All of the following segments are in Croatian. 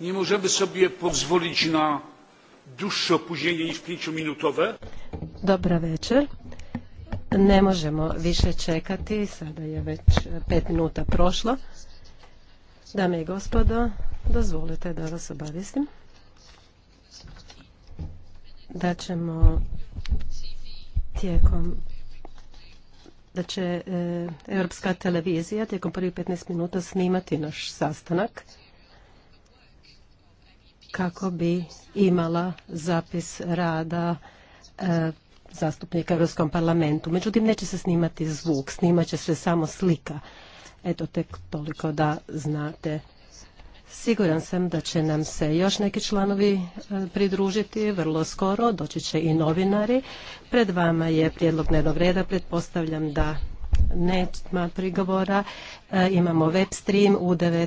nie możemy sobie pozwolić na dłuższe opóźnienie niż pięciominutowe. Dobra večer. Ne možemo više čekati, sada je već pet minuta prošlo. Dame i gospodo, dozvolite da vas obavijestim da ćemo tijekom da će Europska televizija tijekom prvih 15 minuta snimati naš sastanak kako bi imala zapis rada e, zastupnika u Europskom parlamentu. Međutim, neće se snimati zvuk, snimat će se samo slika. Eto, tek toliko da znate. Siguran sam da će nam se još neki članovi e, pridružiti vrlo skoro, doći će i novinari. Pred vama je prijedlog dnevnog reda, pretpostavljam da nema prigovora. E, imamo web stream u 9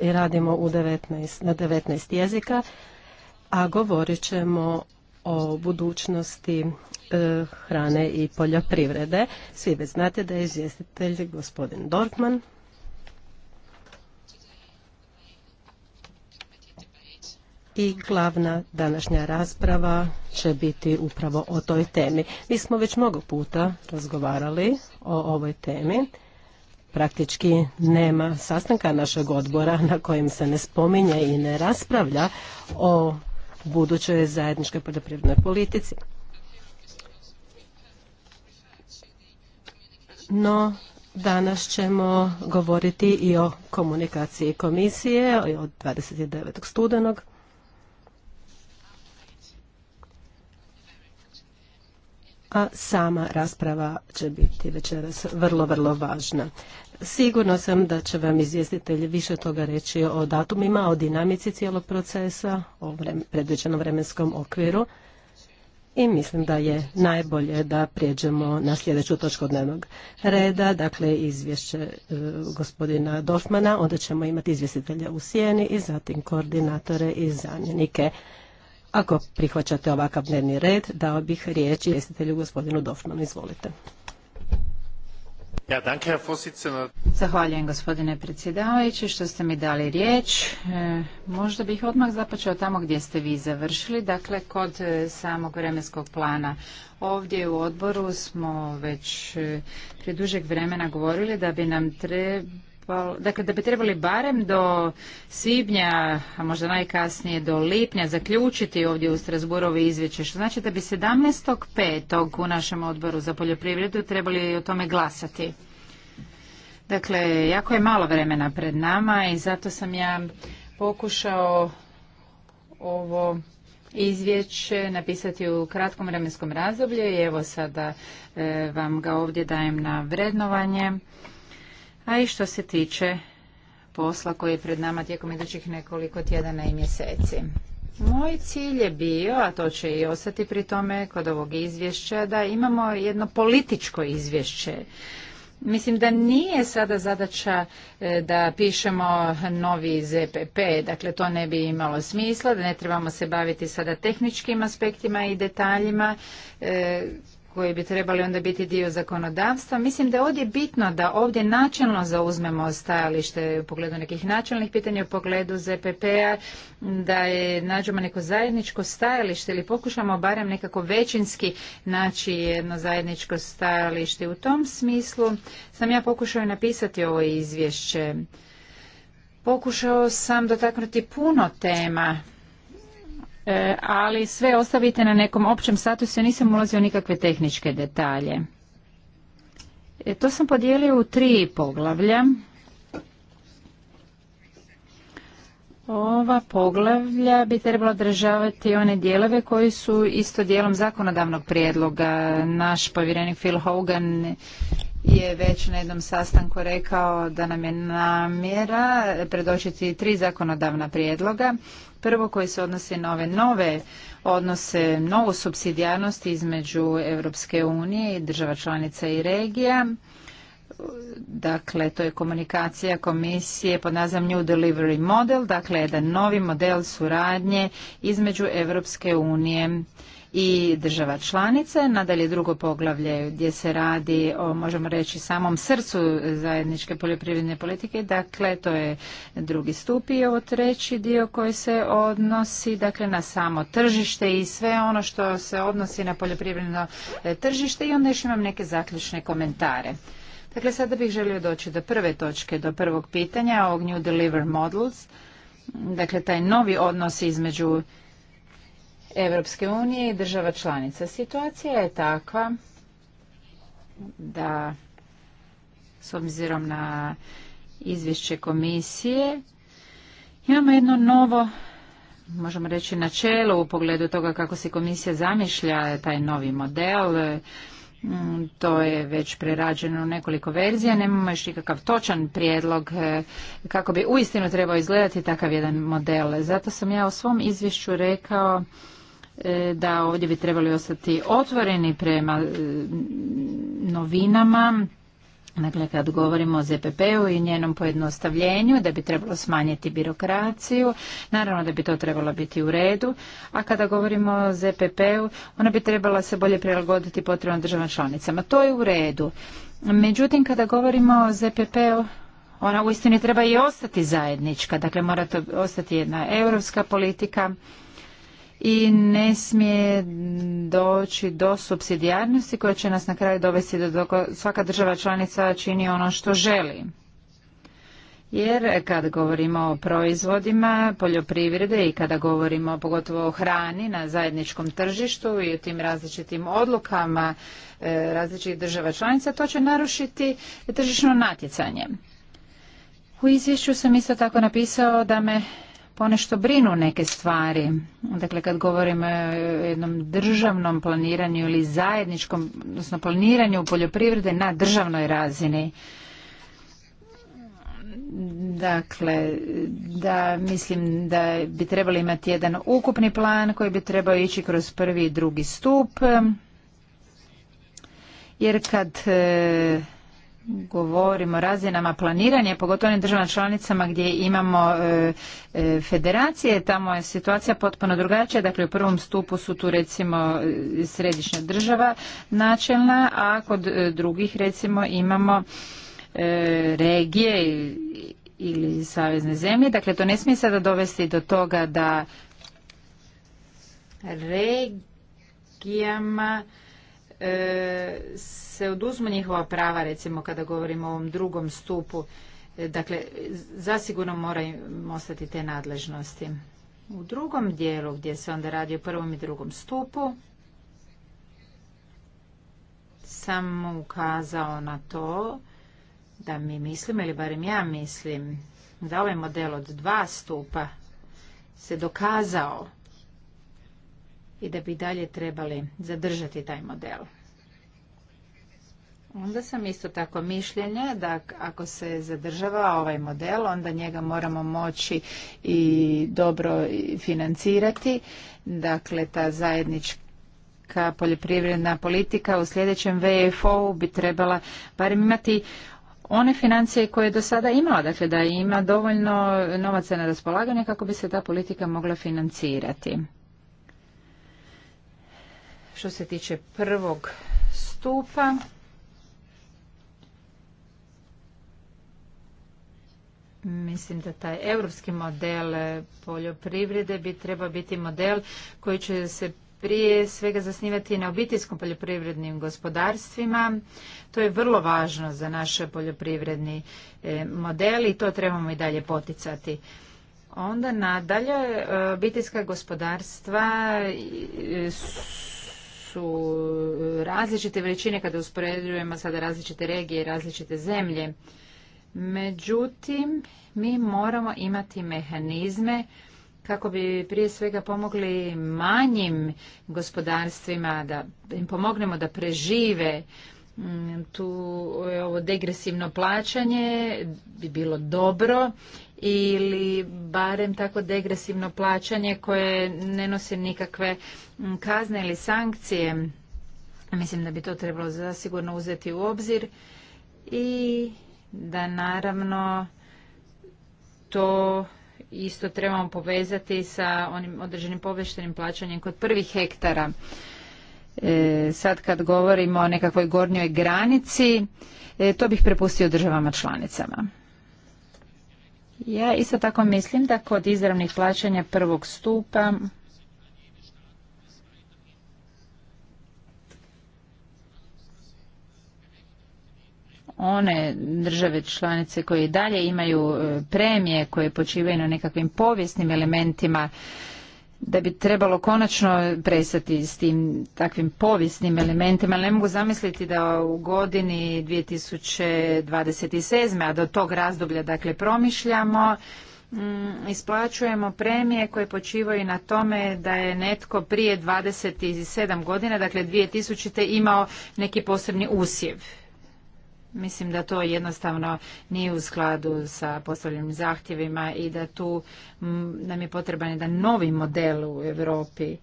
i radimo u 19, na 19 jezika, a govorit ćemo o budućnosti e, hrane i poljoprivrede. Svi već znate da je izvjestitelj gospodin Dortman. i glavna današnja rasprava će biti upravo o toj temi. Mi smo već mnogo puta razgovarali o ovoj temi praktički nema sastanka našeg odbora na kojem se ne spominje i ne raspravlja o budućoj zajedničkoj poljoprivrednoj politici. No, danas ćemo govoriti i o komunikaciji komisije od 29. studenog. a sama rasprava će biti večeras vrlo, vrlo važna. Sigurno sam da će vam izvjestitelj više toga reći o datumima, o dinamici cijelog procesa, o predviđenom vremenskom okviru i mislim da je najbolje da prijeđemo na sljedeću točku dnevnog reda, dakle izvješće e, gospodina Dorfmana, onda ćemo imati izvjestitelja u sjeni i zatim koordinatore i zamjenike. Ako prihvaćate ovakav dnevni red, dao bih riječ izvjestitelju gospodinu Dorfmanu. Izvolite. Zahvaljujem gospodine predsjedavajući što ste mi dali riječ. E, možda bih odmah započeo tamo gdje ste vi završili, dakle kod e, samog vremenskog plana. Ovdje u odboru smo već e, prije dužeg vremena govorili da bi nam trebalo dakle da bi trebali barem do svibnja, a možda najkasnije do lipnja zaključiti ovdje u Strasburovi izvješće, što znači da bi 17.5. u našem odboru za poljoprivredu trebali o tome glasati. Dakle, jako je malo vremena pred nama i zato sam ja pokušao ovo izvješće napisati u kratkom vremenskom razdoblju i evo sada e, vam ga ovdje dajem na vrednovanje a i što se tiče posla koji je pred nama tijekom idućih nekoliko tjedana i mjeseci. Moj cilj je bio, a to će i ostati pri tome kod ovog izvješća, da imamo jedno političko izvješće. Mislim da nije sada zadaća e, da pišemo novi ZPP, dakle to ne bi imalo smisla, da ne trebamo se baviti sada tehničkim aspektima i detaljima e, koji bi trebali onda biti dio zakonodavstva. Mislim da je ovdje bitno da ovdje načelno zauzmemo stajalište u pogledu nekih načelnih pitanja, u pogledu ZPP-a, da je nađemo neko zajedničko stajalište ili pokušamo barem nekako većinski naći jedno zajedničko stajalište. U tom smislu sam ja pokušao napisati ovo izvješće. Pokušao sam dotaknuti puno tema E, ali sve ostavite na nekom općem statusu, ja nisam ulazio nikakve tehničke detalje. E, to sam podijelio u tri poglavlja. Ova poglavlja bi trebala državati one dijelove koji su isto dijelom zakonodavnog prijedloga. Naš povjerenik Phil Hogan je već na jednom sastanku rekao da nam je namjera predočiti tri zakonodavna prijedloga. Prvo koji se odnosi na ove nove odnose, novu subsidijarnost između Europske unije i država članica i regija. Dakle, to je komunikacija komisije pod nazvom New Delivery Model, dakle jedan novi model suradnje između Europske unije i država članice. Nadalje drugo poglavlje gdje se radi o, možemo reći, samom srcu zajedničke poljoprivredne politike. Dakle, to je drugi stup i ovo treći dio koji se odnosi dakle, na samo tržište i sve ono što se odnosi na poljoprivredno e, tržište i onda još imam neke zaključne komentare. Dakle, sada bih želio doći do prve točke, do prvog pitanja, o New Deliver Models, dakle taj novi odnos između Evropske unije i država članica. Situacija je takva da s obzirom na izvješće komisije imamo jedno novo možemo reći načelo u pogledu toga kako se komisija zamišlja taj novi model Mm, to je već prerađeno u nekoliko verzija, nemamo još nikakav točan prijedlog e, kako bi uistinu trebao izgledati takav jedan model. Zato sam ja u svom izvješću rekao e, da ovdje bi trebali ostati otvoreni prema e, novinama Dakle, kad govorimo o ZPP-u i njenom pojednostavljenju, da bi trebalo smanjiti birokraciju, naravno da bi to trebalo biti u redu, a kada govorimo o ZPP-u, ona bi trebala se bolje prilagoditi potrebno državom članicama. To je u redu. Međutim, kada govorimo o ZPP-u, ona uistinu treba i ostati zajednička, dakle mora to ostati jedna europska politika, i ne smije doći do subsidijarnosti koja će nas na kraju dovesti do svaka država članica čini ono što želi. Jer kad govorimo o proizvodima poljoprivrede i kada govorimo pogotovo o hrani na zajedničkom tržištu i o tim različitim odlukama e, različitih država članica, to će narušiti tržišno natjecanje. U izvješću sam isto tako napisao da me ponešto brinu neke stvari. Dakle, kad govorimo o jednom državnom planiranju ili zajedničkom, odnosno planiranju poljoprivrede na državnoj razini, Dakle, da mislim da bi trebali imati jedan ukupni plan koji bi trebao ići kroz prvi i drugi stup. Jer kad govorimo o razinama planiranja, pogotovo onim državama članicama gdje imamo e, e, federacije, tamo je situacija potpuno drugačija, dakle u prvom stupu su tu recimo e, središnja država načelna, a kod drugih recimo imamo regije ili savezne zemlje, dakle to ne smije sada dovesti do toga da regijama se se oduzmu njihova prava, recimo kada govorimo o ovom drugom stupu, e, dakle zasigurno moraju ostati te nadležnosti. U drugom dijelu gdje se onda radi o prvom i drugom stupu, sam ukazao na to da mi mislim, ili barem ja mislim, da ovaj model od dva stupa se dokazao i da bi dalje trebali zadržati taj model. Onda sam isto tako mišljenja da ako se zadržava ovaj model, onda njega moramo moći i dobro financirati. Dakle, ta zajednička poljoprivredna politika u sljedećem vfo bi trebala barem imati one financije koje je do sada imala, dakle da ima dovoljno novaca na raspolaganje kako bi se ta politika mogla financirati. Što se tiče prvog stupa, Mislim da taj europski model eh, poljoprivrede bi trebao biti model koji će se prije svega zasnivati na obiteljskom poljoprivrednim gospodarstvima. To je vrlo važno za naš poljoprivredni eh, model i to trebamo i dalje poticati. Onda nadalje, eh, obiteljska gospodarstva su različite veličine kada uspoređujemo sada različite regije i različite zemlje. Međutim, mi moramo imati mehanizme kako bi prije svega pomogli manjim gospodarstvima, da im pomognemo da prežive mm, tu e, ovo degresivno plaćanje bi bilo dobro ili barem tako degresivno plaćanje koje ne nosi nikakve mm, kazne ili sankcije. Mislim da bi to trebalo zasigurno uzeti u obzir i da naravno to isto trebamo povezati sa onim određenim povještenim plaćanjem kod prvih hektara. E, sad kad govorimo o nekakvoj gornjoj granici, e, to bih prepustio državama članicama. Ja isto tako mislim da kod izravnih plaćanja prvog stupa one države članice koje dalje imaju e, premije koje počivaju na nekakvim povijesnim elementima da bi trebalo konačno presati s tim takvim povijesnim elementima, ali ne mogu zamisliti da u godini 2027. a do tog razdoblja dakle promišljamo, mm, isplaćujemo premije koje počivaju na tome da je netko prije 27 godina, dakle 2000. imao neki posebni usjev Mislim da to jednostavno nije u skladu sa postavljenim zahtjevima i da tu nam je potreban jedan novi model u Europi.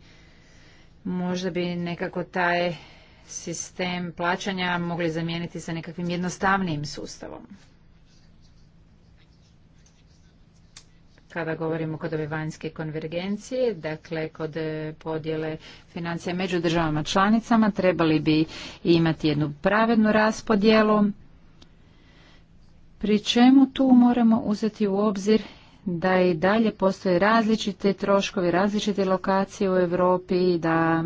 Možda bi nekako taj sistem plaćanja mogli zamijeniti sa nekakvim jednostavnijim sustavom. kada govorimo kod ove vanjske konvergencije, dakle kod e, podjele financija među državama članicama, trebali bi imati jednu pravednu raspodjelu, pri čemu tu moramo uzeti u obzir da i dalje postoje različite troškovi, različite lokacije u Europi, da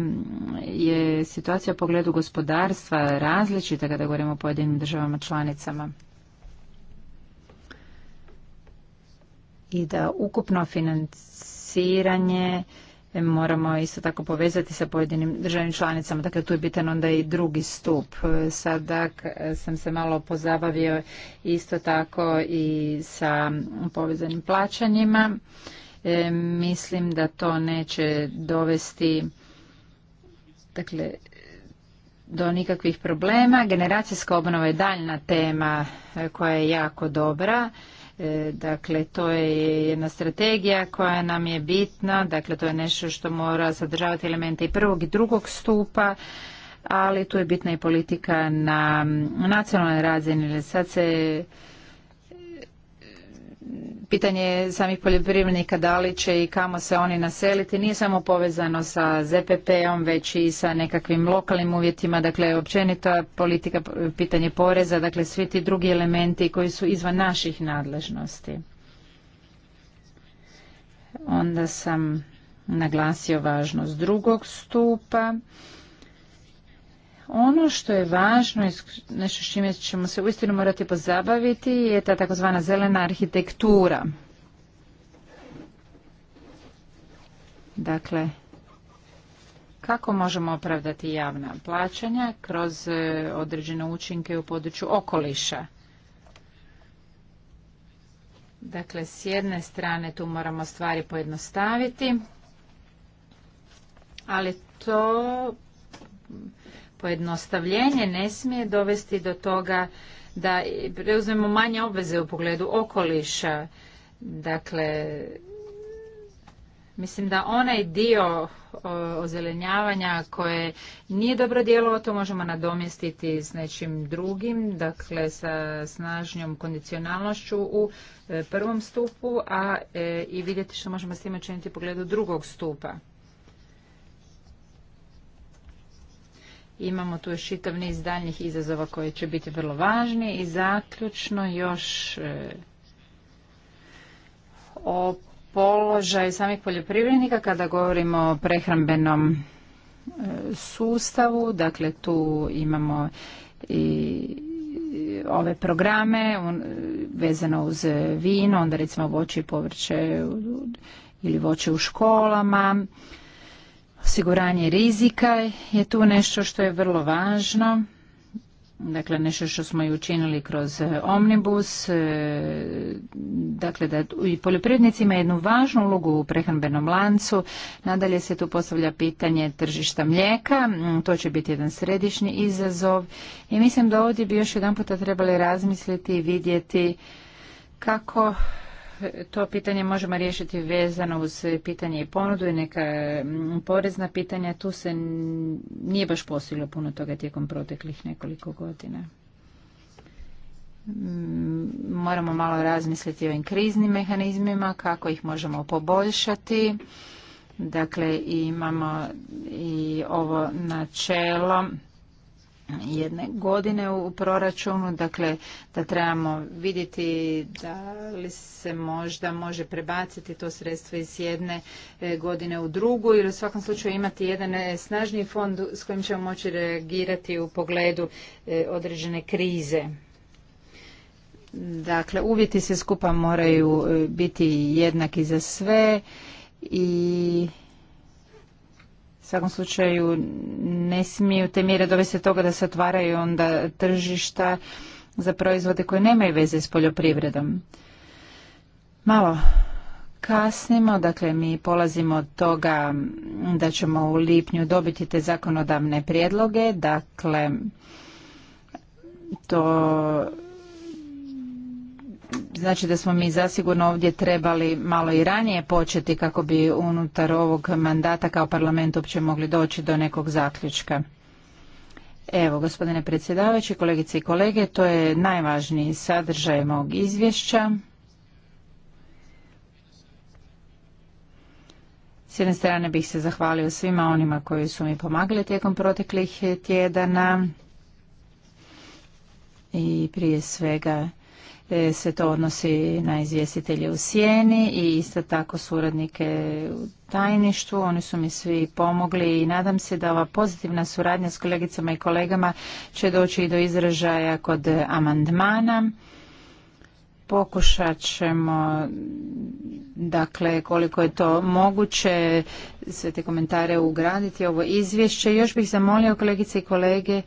je situacija u pogledu gospodarstva različita kada govorimo o pojedinim državama članicama. i da ukupno financiranje moramo isto tako povezati sa pojedinim državnim članicama. Dakle, tu je bitan onda i drugi stup. Sada sam se malo pozabavio isto tako i sa povezanim plaćanjima. E, mislim da to neće dovesti dakle, do nikakvih problema. Generacijska obnova je daljna tema e, koja je jako dobra. E, dakle, to je jedna strategija koja nam je bitna, dakle to je nešto što mora sadržavati elemente i prvog i drugog stupa, ali tu je bitna i politika na nacionalnoj razini. Sad se pitanje je samih poljoprivrednika da li će i kamo se oni naseliti nije samo povezano sa ZPP-om već i sa nekakvim lokalnim uvjetima dakle općenito politika pitanje poreza dakle svi ti drugi elementi koji su izvan naših nadležnosti onda sam naglasio važnost drugog stupa ono što je važno i nešto s čime ćemo se uistinu morati pozabaviti je ta takozvana zelena arhitektura. Dakle, kako možemo opravdati javna plaćanja kroz e, određene učinke u području okoliša? Dakle, s jedne strane tu moramo stvari pojednostaviti, ali to Pojednostavljenje ne smije dovesti do toga da preuzmemo manje obveze u pogledu okoliša. Dakle, mislim da onaj dio ozelenjavanja koje nije dobro djelovao, to možemo nadomjestiti s nečim drugim, dakle sa snažnjom kondicionalnošću u e, prvom stupu, a e, i vidjeti što možemo s tim učiniti u pogledu drugog stupa. Imamo tu još čitav niz daljnjih izazova koji će biti vrlo važni i zaključno još e, o položaju samih poljoprivrednika kada govorimo o prehrambenom e, sustavu, dakle tu imamo i ove programe vezano uz vino, onda recimo voće i povrće ili voće u školama. Osiguranje rizika je tu nešto što je vrlo važno. Dakle, nešto što smo i učinili kroz e, omnibus, e, dakle da i poljoprivrednici imaju jednu važnu ulogu u prehrambenom lancu. Nadalje se tu postavlja pitanje tržišta mlijeka, mm, to će biti jedan središnji izazov i mislim da ovdje bi još jedan puta trebali razmisliti i vidjeti kako to pitanje možemo riješiti vezano uz pitanje i ponudu i neka porezna pitanja. Tu se nije baš posilo puno toga tijekom proteklih nekoliko godina. Moramo malo razmisliti o ovim kriznim mehanizmima, kako ih možemo poboljšati. Dakle, imamo i ovo načelo jedne godine u proračunu, dakle da trebamo vidjeti da li se možda može prebaciti to sredstvo iz jedne e, godine u drugu ili u svakom slučaju imati jedan e, snažniji fond s kojim ćemo moći reagirati u pogledu e, određene krize. Dakle, uvjeti se skupa moraju biti jednaki za sve i svakom slučaju ne smiju te mjere dovesti toga da se otvaraju onda tržišta za proizvode koje nemaju veze s poljoprivredom. Malo kasnimo, dakle mi polazimo od toga da ćemo u lipnju dobiti te zakonodavne prijedloge, dakle to znači da smo mi zasigurno ovdje trebali malo i ranije početi kako bi unutar ovog mandata kao parlament uopće mogli doći do nekog zaključka. Evo, gospodine predsjedavajući, kolegice i kolege, to je najvažniji sadržaj mog izvješća. S jedne strane bih se zahvalio svima onima koji su mi pomagali tijekom proteklih tjedana i prije svega E, se to odnosi na izvjestitelje u sjeni i isto tako suradnike u tajništvu. Oni su mi svi pomogli i nadam se da ova pozitivna suradnja s kolegicama i kolegama će doći i do izražaja kod amandmana. Pokušat ćemo, dakle, koliko je to moguće, sve te komentare ugraditi ovo izvješće. Još bih zamolio kolegice i kolege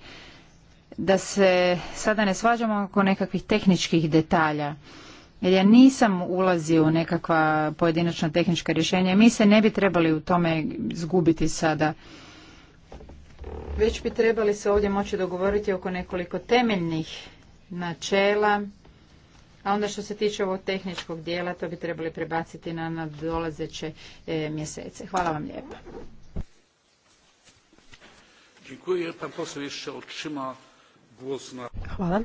da se sada ne svađamo oko nekakvih tehničkih detalja. Jer ja nisam ulazio u nekakva pojedinačna tehnička rješenja. Mi se ne bi trebali u tome zgubiti sada. Već bi trebali se ovdje moći dogovoriti oko nekoliko temeljnih načela. A onda što se tiče ovog tehničkog dijela, to bi trebali prebaciti na nadolazeće e, mjesece. Hvala vam lijepa. Dziękuję. Pan poseł Hvala.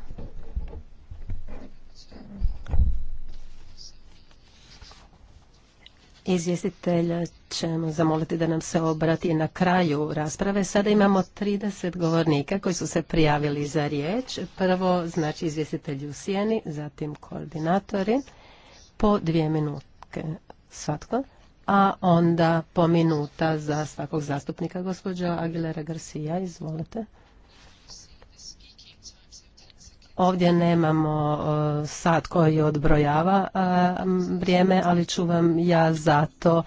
Izvjestitelja ćemo zamoliti da nam se obrati na kraju rasprave. Sada imamo 30 govornika koji su se prijavili za riječ. Prvo znači izvjestitelji u sjeni, zatim koordinatori po dvije minutke svatko, a onda po minuta za svakog zastupnika. gospođa Aguilera Garcia, izvolite. Ovdje nemamo e, sat koji odbrojava e, vrijeme, ali ću vam ja zato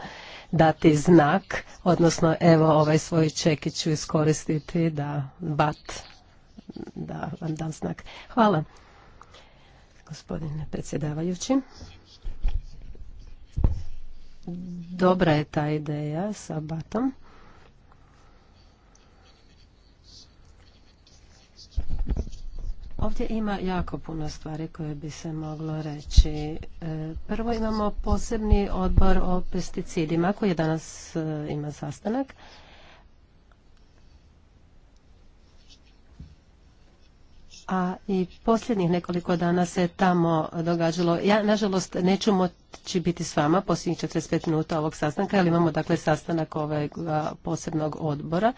dati znak, odnosno evo ovaj svoj čekić ću iskoristiti da bat, da vam dam znak. Hvala, gospodine predsjedavajući. Dobra je ta ideja sa batom. Ovdje ima jako puno stvari koje bi se moglo reći. E, prvo imamo posebni odbor o pesticidima koji danas e, ima sastanak. a i posljednjih nekoliko dana se tamo događalo. Ja, nažalost, neću moći biti s vama posljednjih 45 minuta ovog sastanka, ali imamo dakle sastanak ovog posebnog odbora,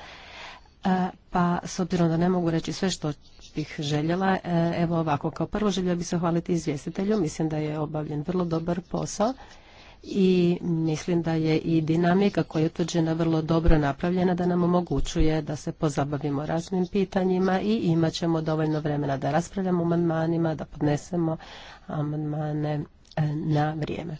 e, pa s obzirom da ne mogu reći sve što bih željela. E, evo ovako, kao prvo željela bih zahvaliti izvjestitelju. Mislim da je obavljen vrlo dobar posao i mislim da je i dinamika koja je utvrđena vrlo dobro napravljena da nam omogućuje da se pozabavimo raznim pitanjima i imat ćemo dovoljno vremena da raspravljamo o amandmanima, da podnesemo amandmane e, na vrijeme.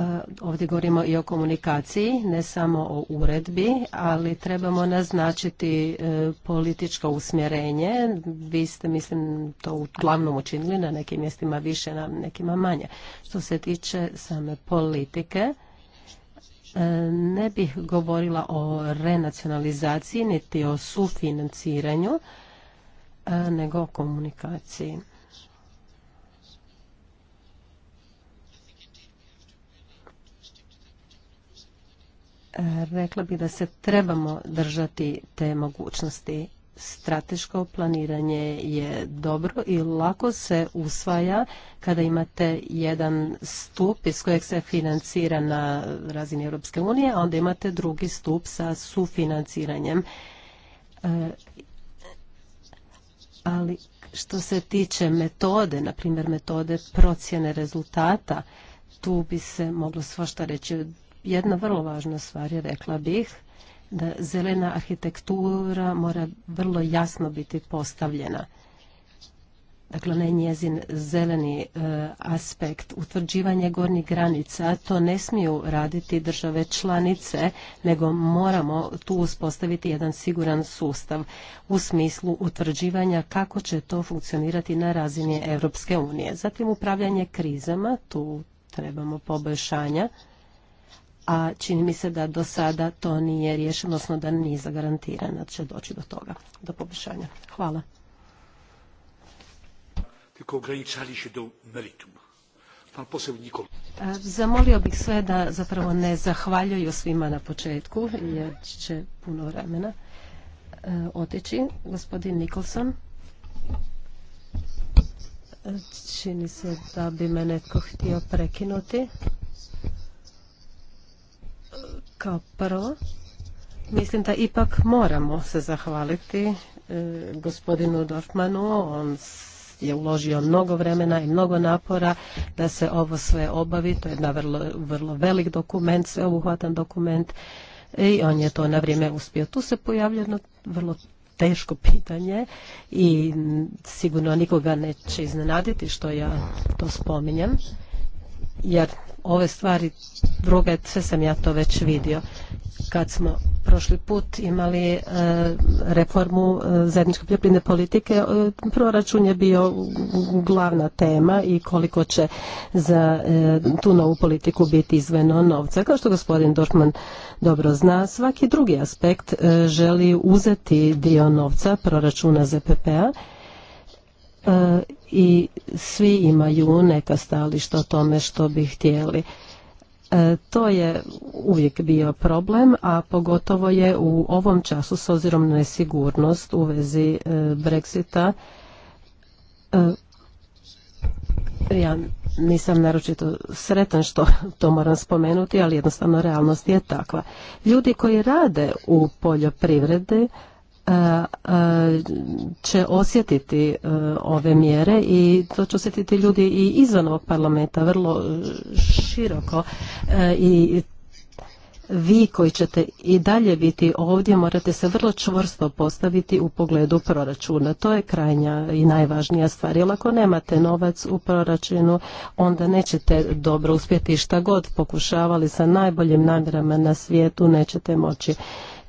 E, ovdje govorimo i o komunikaciji, ne samo o uredbi, ali trebamo naznačiti e, političko usmjerenje. Vi ste, mislim, to uglavnom učinili na nekim mjestima više, na nekima manje. Što se tiče same politike, e, ne bih govorila o renacionalizaciji, niti o sufinanciranju, nego o komunikaciji. Rekla bi da se trebamo držati te mogućnosti. Strateško planiranje je dobro i lako se usvaja kada imate jedan stup iz kojeg se financira na razini Europske unije, a onda imate drugi stup sa sufinanciranjem. E, ali što se tiče metode, na primjer metode procjene rezultata, tu bi se moglo svašta reći jedna vrlo važna stvar je, rekla bih, da zelena arhitektura mora vrlo jasno biti postavljena. Dakle, ne njezin zeleni e, aspekt. Utvrđivanje gornjih granica, to ne smiju raditi države članice, nego moramo tu uspostaviti jedan siguran sustav u smislu utvrđivanja kako će to funkcionirati na razini Europske unije. Zatim, upravljanje krizama, tu trebamo poboljšanja a čini mi se da do sada to nije riješeno, odnosno da nije zagarantirano da će doći do toga, do poboljšanja. Hvala. E, zamolio bih sve da zapravo ne zahvaljuju svima na početku, jer će puno vremena e, otići. Gospodin Nikolson. E, čini se da bi me netko htio prekinuti. Kao prvo, mislim da ipak moramo se zahvaliti e, gospodinu Dorfmanu. On je uložio mnogo vremena i mnogo napora da se ovo sve obavi. To je jedan vrlo, vrlo velik dokument, sveobuhvatan dokument i on je to na vrijeme uspio. Tu se pojavlja jedno vrlo teško pitanje i sigurno nikoga neće iznenaditi što ja to spominjem jer ove stvari druge, sve sam ja to već vidio. Kad smo prošli put imali e, reformu e, zajedničke poljoprivredne politike, e, proračun je bio glavna tema i koliko će za tu novu politiku biti izveno novca. Kao što gospodin Dorfman dobro zna, svaki drugi aspekt želi uzeti dio novca proračuna ZPP-a E, i svi imaju neka stališta o tome što bi htjeli. E, to je uvijek bio problem, a pogotovo je u ovom času s obzirom na nesigurnost u vezi e, Brexita. Ja nisam naročito sretan što to moram spomenuti, ali jednostavno realnost je takva. Ljudi koji rade u poljoprivredi E, e, će osjetiti e, ove mjere i to će osjetiti ljudi i izvan ovog parlamenta vrlo široko i vi koji ćete i dalje biti ovdje morate se vrlo čvrsto postaviti u pogledu proračuna. To je krajnja i najvažnija stvar. Jer ako nemate novac u proračunu, onda nećete dobro uspjeti šta god pokušavali sa najboljim namjerama na svijetu, nećete moći.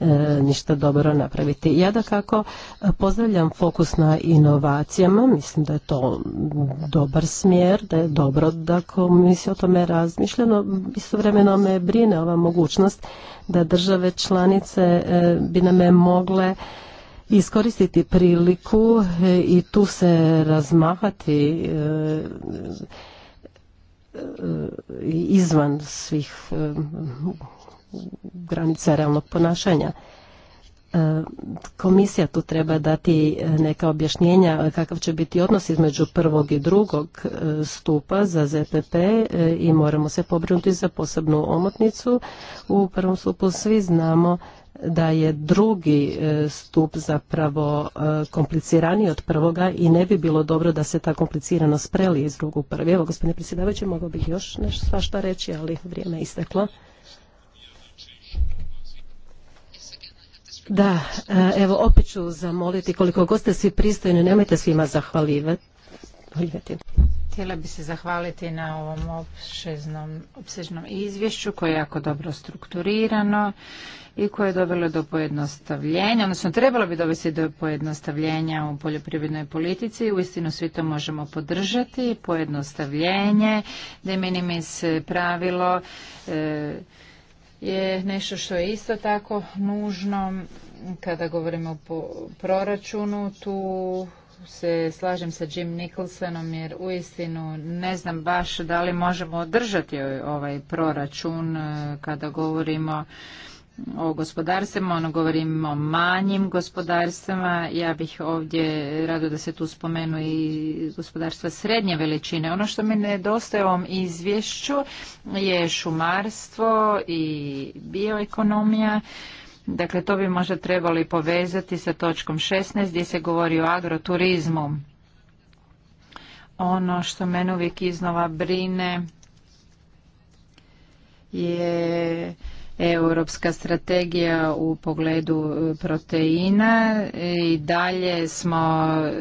E, ništa dobro napraviti. Ja da kako pozdravljam fokus na inovacijama, mislim da je to dobar smjer, da je dobro da komisija o tome razmišljeno. Istovremeno me brine ova mogućnost da države članice e, bi nam mogle iskoristiti priliku e, i tu se razmahati izvan svih granica realnog ponašanja. E, komisija tu treba dati e, neka objašnjenja e, kakav će biti odnos između prvog i drugog stupa za ZPP i moramo se pobrinuti za posebnu omotnicu. U prvom stupu svi znamo da je drugi stup zapravo kompliciraniji od prvoga i ne bi bilo dobro da se ta kompliciranost preli iz drugog u prvi. Evo, gospodine predsjedavajući, mogao bih još nešto svašta reći, ali vrijeme je isteklo. Da, e, evo opet ću zamoliti koliko god ste svi pristojni, nemojte svima zahvaljivati. Htjela bi se zahvaliti na ovom obsežnom, izvješću koje je jako dobro strukturirano i koje je dovelo do pojednostavljenja, odnosno trebalo bi dovesti do pojednostavljenja u poljoprivrednoj politici i uistinu svi to možemo podržati, pojednostavljenje, de minimis pravilo, e, je nešto što je isto tako nužno. Kada govorimo o proračunu, tu se slažem sa Jim Nicholsonom jer uistinu ne znam baš da li možemo održati ovaj proračun eh, kada govorimo o gospodarstvima, ono govorim o manjim gospodarstvima, ja bih ovdje rado da se tu spomenu i gospodarstva srednje veličine. Ono što mi nedostaje u ovom izvješću je šumarstvo i bioekonomija. Dakle, to bi možda trebali povezati sa točkom 16 gdje se govori o agroturizmu. Ono što mene uvijek iznova brine je europska strategija u pogledu e, proteina i dalje smo e,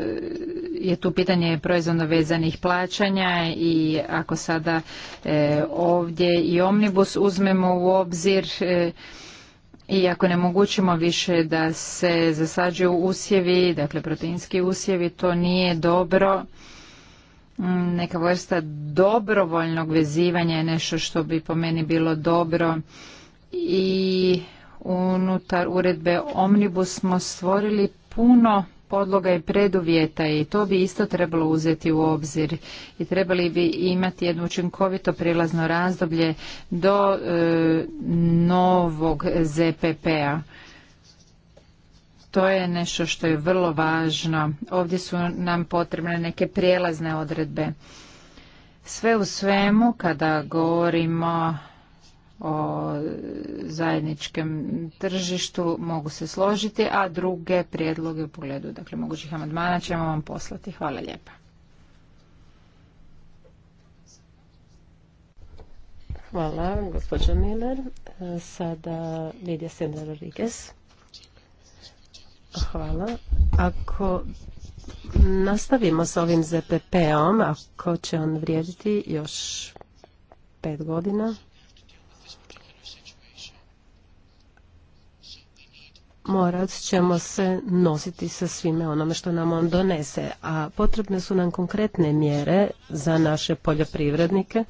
je tu pitanje proizvodno vezanih plaćanja i ako sada e, ovdje i omnibus uzmemo u obzir i ako ne mogućimo više da se zasađuju usjevi, dakle proteinski usjevi, to nije dobro. Mm, neka vrsta dobrovoljnog vezivanja je nešto što bi po meni bilo dobro i unutar uredbe Omnibus smo stvorili puno podloga i preduvjeta i to bi isto trebalo uzeti u obzir i trebali bi imati jedno učinkovito prijelazno razdoblje do e, novog ZPP-a. To je nešto što je vrlo važno. Ovdje su nam potrebne neke prijelazne odredbe. Sve u svemu, kada govorimo o zajedničkem tržištu mogu se složiti, a druge prijedloge u pogledu dakle, mogućih amandmana ćemo vam poslati. Hvala lijepa. Hvala, gospođo Miller. Sada Lidija Riges. Hvala. Ako nastavimo s ovim ZPP-om, ako će on vrijediti još pet godina, morat ćemo se nositi sa svime onome što nam on donese, a potrebne su nam konkretne mjere za naše poljoprivrednike,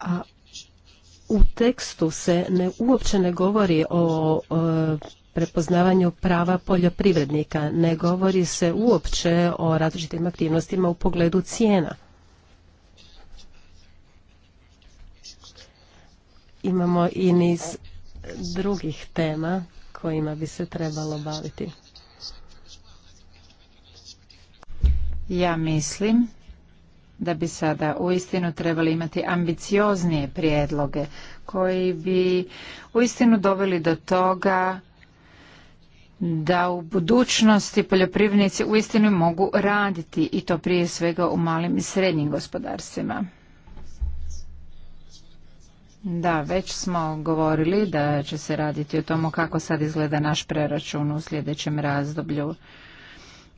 a u tekstu se ne, uopće ne govori o, o prepoznavanju prava poljoprivrednika, ne govori se uopće o različitim aktivnostima u pogledu cijena. Imamo i niz drugih tema kojima bi se trebalo baviti. Ja mislim da bi sada uistinu trebali imati ambicioznije prijedloge koji bi uistinu doveli do toga da u budućnosti poljoprivrednici uistinu mogu raditi i to prije svega u malim i srednjim gospodarstvima. Da, već smo govorili da će se raditi o tomu kako sad izgleda naš preračun u sljedećem razdoblju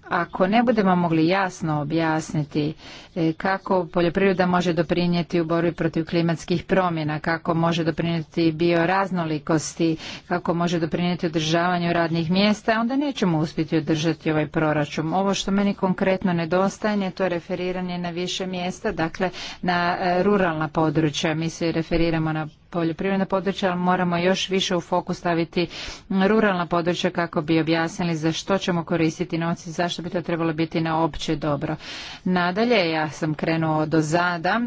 ako ne budemo mogli jasno objasniti e, kako poljoprivreda može doprinijeti u borbi protiv klimatskih promjena, kako može doprinijeti bioraznolikosti, kako može doprinijeti održavanju radnih mjesta, onda nećemo uspjeti održati ovaj proračun. Ovo što meni konkretno nedostaje, to referiranje na više mjesta, dakle na e, ruralna područja. Mi se referiramo na poljoprivredna područja, ali moramo još više u fokus staviti ruralna područja kako bi objasnili za što ćemo koristiti novci, zašto bi to trebalo biti na opće dobro. Nadalje, ja sam krenuo do zada,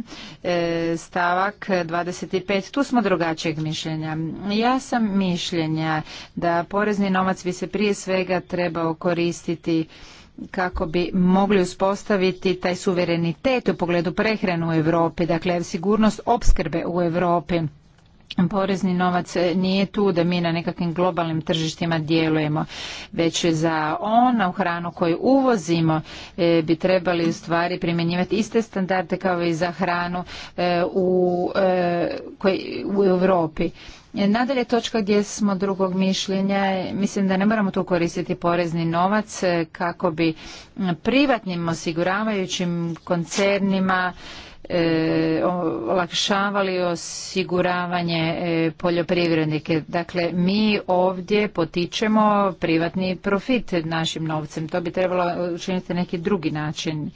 e, stavak 25, tu smo drugačijeg mišljenja. Ja sam mišljenja da porezni novac bi se prije svega trebao koristiti kako bi mogli uspostaviti taj suverenitet u pogledu prehrane u Europi, dakle sigurnost opskrbe u Europi porezni novac nije tu da mi na nekakvim globalnim tržištima djelujemo, već za onu hranu koju uvozimo e, bi trebali u stvari primjenjivati iste standarde kao i za hranu e, u, e, u Europi. Nadalje točka gdje smo drugog mišljenja, mislim da ne moramo tu koristiti porezni novac kako bi privatnim osiguravajućim koncernima E, olakšavali osiguravanje e, poljoprivrednike. Dakle, mi ovdje potičemo privatni profit našim novcem. To bi trebalo učiniti neki drugi način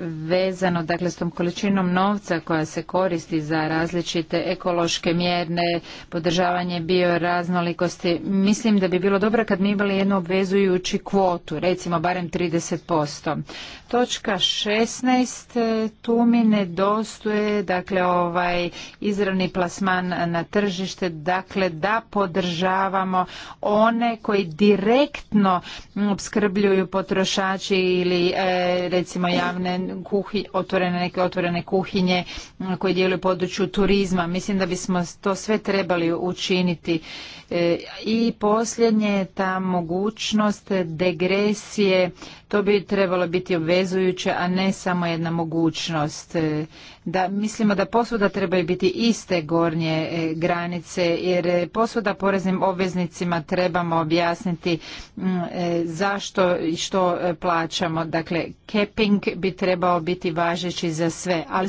vezano dakle s tom količinom novca koja se koristi za različite ekološke mjerne, podržavanje bioraznolikosti, mislim da bi bilo dobro kad mi imali jednu obvezujući kvotu, recimo barem 30%. Točka 16, tu mi nedostuje dakle ovaj izravni plasman na tržište, dakle da podržavamo one koji direktno opskrbljuju potrošači ili e, recimo javne kuhi, otvorene, neke otvorene kuhinje mm, koje djeluju u području turizma. Mislim da bismo to sve trebali učiniti E, I posljednje ta mogućnost degresije, to bi trebalo biti obvezujuće, a ne samo jedna mogućnost. E, da, mislimo da posuda trebaju biti iste gornje e, granice, jer posuda poreznim obveznicima trebamo objasniti mm, zašto i što plaćamo. Dakle, capping bi trebao biti važeći za sve, ali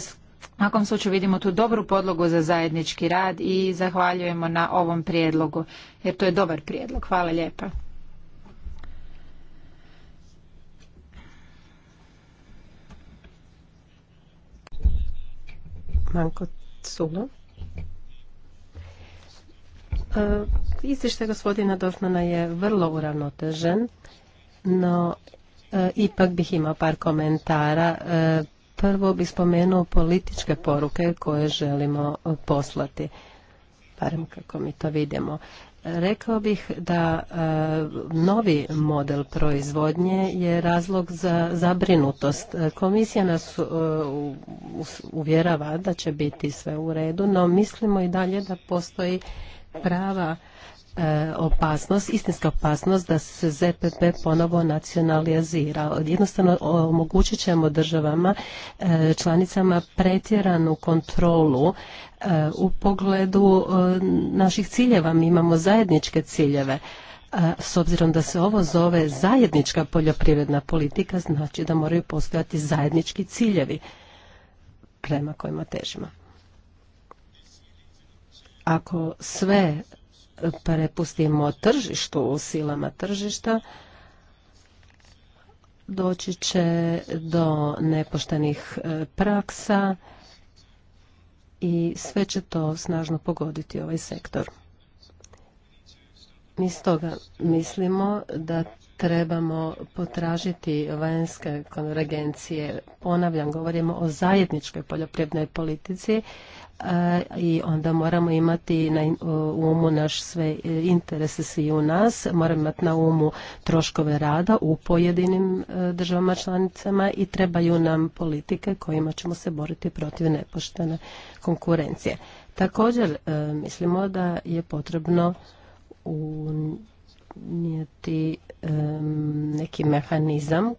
u svakom slučaju vidimo tu dobru podlogu za zajednički rad i zahvaljujemo na ovom prijedlogu, jer to je dobar prijedlog. Hvala lijepa. Manko Culo. E, Izvište gospodina Dorfmana je vrlo uravnotežen, no e, ipak bih imao par komentara. E, prvo bi spomenuo političke poruke koje želimo e, poslati, barem kako mi to vidimo. Rekao bih da e, novi model proizvodnje je razlog za zabrinutost. Komisija nas e, uvjerava da će biti sve u redu, no mislimo i dalje da postoji prava E, opasnost, istinska opasnost da se ZPP ponovo nacionalizira. Jednostavno omogućit ćemo državama, e, članicama pretjeranu kontrolu e, u pogledu naših ciljeva. Mi imamo zajedničke ciljeve. S obzirom da se ovo zove zajednička poljoprivredna politika, znači da moraju postojati zajednički ciljevi prema kojima težimo. Ako sve prepustimo tržištu u silama tržišta, doći će do nepoštenih e, praksa i sve će to snažno pogoditi ovaj sektor. Mi stoga mislimo da trebamo potražiti vanjske konvergencije. Ponavljam, govorimo o zajedničkoj poljoprivrednoj politici e, i onda moramo imati na umu naš sve interese svi u nas, moramo imati na umu troškove rada u pojedinim e, državama članicama i trebaju nam politike kojima ćemo se boriti protiv nepoštene konkurencije. Također e, mislimo da je potrebno u nijeti neki mehanizam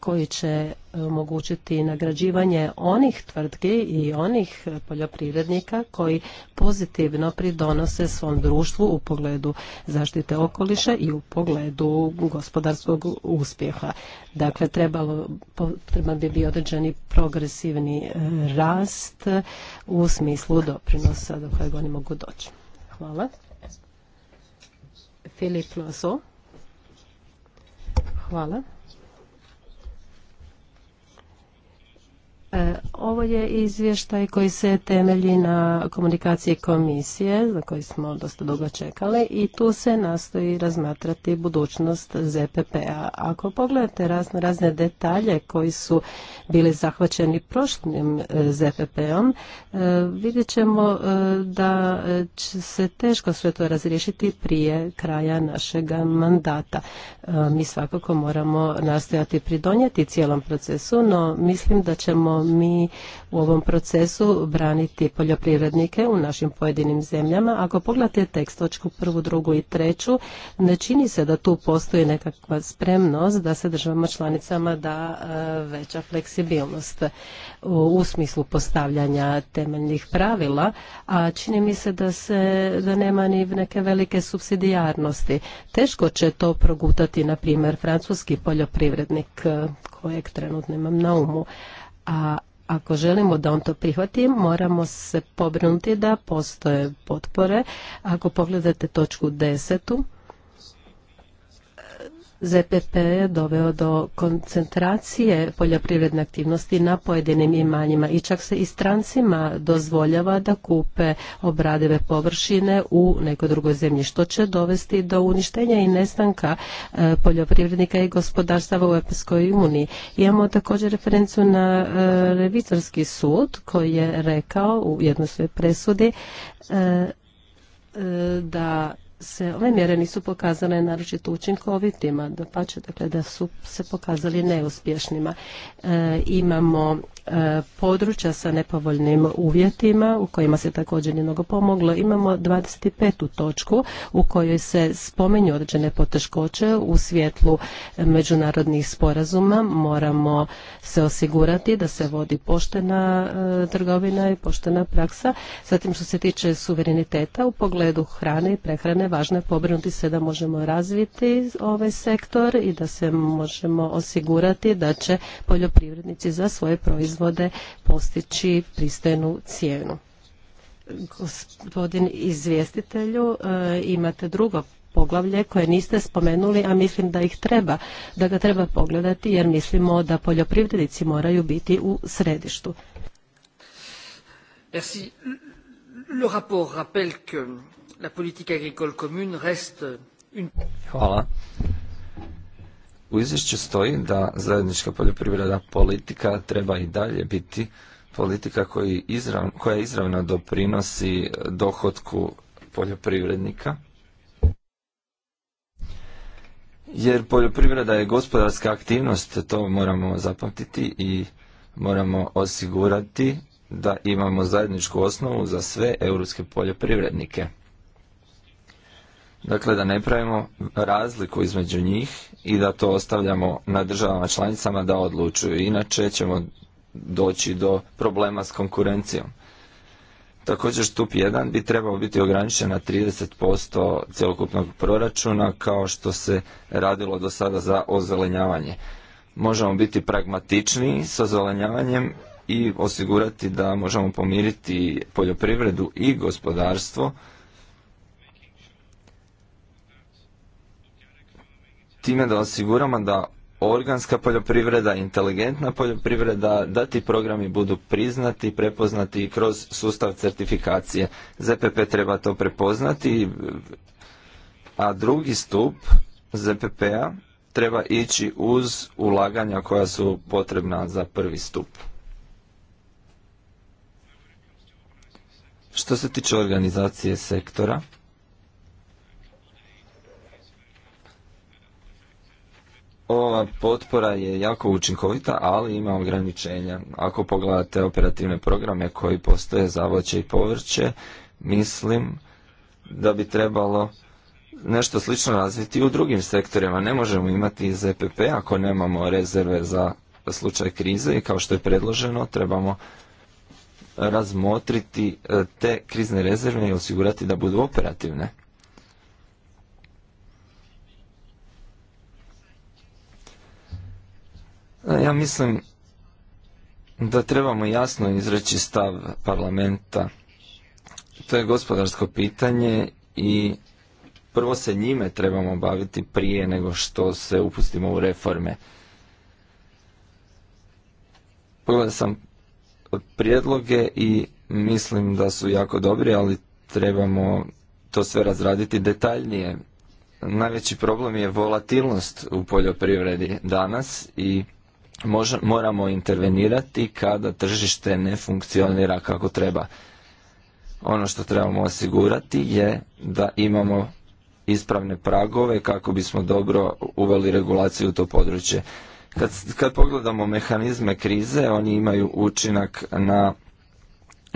koji će omogućiti nagrađivanje onih tvrtki i onih poljoprivrednika koji pozitivno pridonose svom društvu u pogledu zaštite okoliša i u pogledu gospodarskog uspjeha. Dakle, trebalo, bi bio određeni progresivni e, rast u smislu doprinosa do kojeg oni mogu doći. Hvala. Filip Lazo. Hvala. E, ovo je izvještaj koji se temelji na komunikaciji komisije, za koji smo dosta dugo čekali, i tu se nastoji razmatrati budućnost ZPP-a. Ako pogledate razne, razne detalje koji su bili zahvaćeni prošlim e, ZPP-om, e, vidjet ćemo da će se teško sve to razriješiti prije kraja našeg mandata. Mi svakako moramo nastojati pridonijeti cijelom procesu, no mislim da ćemo mi u ovom procesu braniti poljoprivrednike u našim pojedinim zemljama. Ako pogledate tekst točku prvu, drugu i treću, ne čini se da tu postoji nekakva spremnost da se državama članicama da e, veća fleksibilnost u smislu postavljanja temeljnih pravila, a čini mi se da, se, da nema ni neke velike subsidijarnosti. Teško će to progutati, na primjer, francuski poljoprivrednik e, kojeg trenutno imam na umu a ako želimo da on to prihvati, moramo se pobrinuti da postoje potpore. Ako pogledate točku desetu, ZPP je doveo do koncentracije poljoprivredne aktivnosti na pojedinim imanjima i čak se i strancima dozvoljava da kupe obradive površine u nekoj drugoj zemlji, što će dovesti do uništenja i nestanka e, poljoprivrednika i gospodarstava u Europskoj uniji. Imamo također referencu na e, revizorski sud koji je rekao u jednoj svojoj presudi e, da se ove mjere nisu pokazale naročito učinkovitima, da pače, dakle da su se pokazali neuspješnima. E, imamo e, područja sa nepovoljnim uvjetima u kojima se također nije mnogo pomoglo. Imamo 25. točku u kojoj se spomenju određene poteškoće u svjetlu međunarodnih sporazuma. Moramo se osigurati da se vodi poštena e, trgovina i poštena praksa. Zatim što se tiče suvereniteta u pogledu hrane i prehrane Važno je pobrinuti se da možemo razviti ovaj sektor i da se možemo osigurati da će poljoprivrednici za svoje proizvode postići pristojnu cijenu. Gospodin izvjestitelju, e, imate drugo poglavlje koje niste spomenuli, a mislim da ih treba, da ga treba pogledati jer mislimo da poljoprivrednici moraju biti u središtu. Merci. Hvala. U izvješću stoji da zajednička poljoprivredna politika treba i dalje biti politika koja izravno doprinosi dohotku poljoprivrednika. Jer poljoprivreda je gospodarska aktivnost, to moramo zapamtiti i moramo osigurati da imamo zajedničku osnovu za sve europske poljoprivrednike. Dakle, da ne pravimo razliku između njih i da to ostavljamo na državama članicama da odlučuju. Inače ćemo doći do problema s konkurencijom. Također stup 1 bi trebao biti ograničen na 30% cjelokupnog proračuna kao što se radilo do sada za ozelenjavanje. Možemo biti pragmatičniji s ozelenjavanjem i osigurati da možemo pomiriti poljoprivredu i gospodarstvo time da osiguramo da organska poljoprivreda, inteligentna poljoprivreda, da ti programi budu priznati, prepoznati kroz sustav certifikacije. ZPP treba to prepoznati, a drugi stup ZPP-a treba ići uz ulaganja koja su potrebna za prvi stup. Što se tiče organizacije sektora, ova potpora je jako učinkovita, ali ima ograničenja. Ako pogledate operativne programe koji postoje za voće i povrće, mislim da bi trebalo nešto slično razviti u drugim sektorima. Ne možemo imati ZPP e ako nemamo rezerve za slučaj krize i kao što je predloženo trebamo razmotriti e, te krizne rezerve i osigurati da budu operativne. Ja mislim da trebamo jasno izreći stav parlamenta. To je gospodarsko pitanje i prvo se njime trebamo baviti prije nego što se upustimo u reforme. Pogledao sam prijedloge i mislim da su jako dobri, ali trebamo to sve razraditi detaljnije. Najveći problem je volatilnost u poljoprivredi danas i moramo intervenirati kada tržište ne funkcionira kako treba. Ono što trebamo osigurati je da imamo ispravne pragove kako bismo dobro uveli regulaciju u to područje. Kad, kad pogledamo mehanizme krize, oni imaju učinak na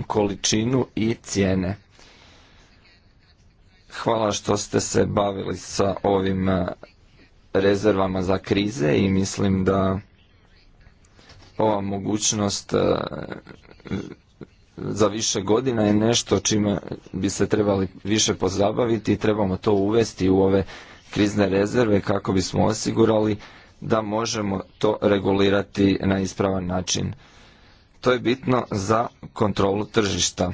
količinu i cijene. Hvala što ste se bavili sa ovim eh, rezervama za krize i mislim da ova mogućnost e, za više godina je nešto čime bi se trebali više pozabaviti i trebamo to uvesti u ove krizne rezerve kako bismo osigurali da možemo to regulirati na ispravan način. To je bitno za kontrolu tržišta.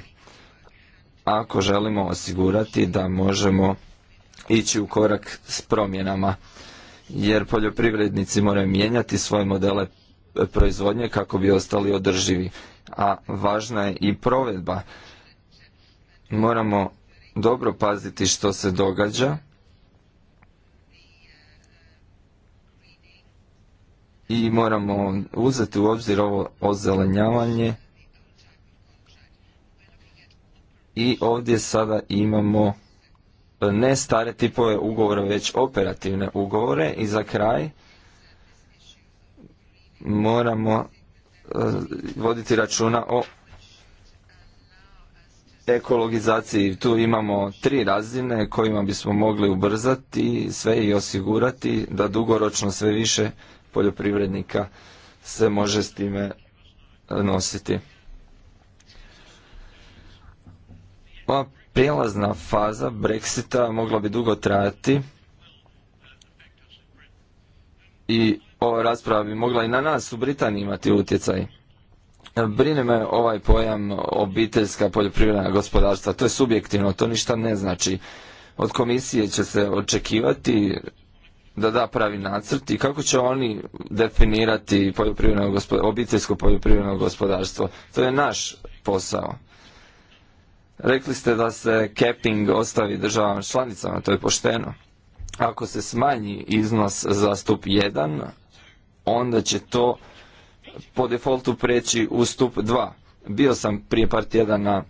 Ako želimo osigurati da možemo ići u korak s promjenama jer poljoprivrednici moraju mijenjati svoje modele proizvodnje kako bi ostali održivi. A važna je i provedba. Moramo dobro paziti što se događa i moramo uzeti u obzir ovo ozelenjavanje i ovdje sada imamo e, ne stare tipove ugovora, već operativne ugovore i za kraj moramo e, voditi računa o ekologizaciji. Tu imamo tri razine kojima bismo mogli ubrzati sve i osigurati da dugoročno sve više poljoprivrednika se može s time nositi. Ova prijelazna faza Brexita mogla bi dugo trajati i ova rasprava bi mogla i na nas u Britaniji imati utjecaj. Brine me ovaj pojam obiteljska poljoprivredna gospodarstva. To je subjektivno, to ništa ne znači. Od komisije će se očekivati da da pravi nacrt i kako će oni definirati obiteljsko poljoprivredno gospodarstvo. To je naš posao. Rekli ste da se capping ostavi državama članicama, to je pošteno. Ako se smanji iznos za stup 1, onda će to po defaultu preći u stup 2. Bio sam prije par tjedana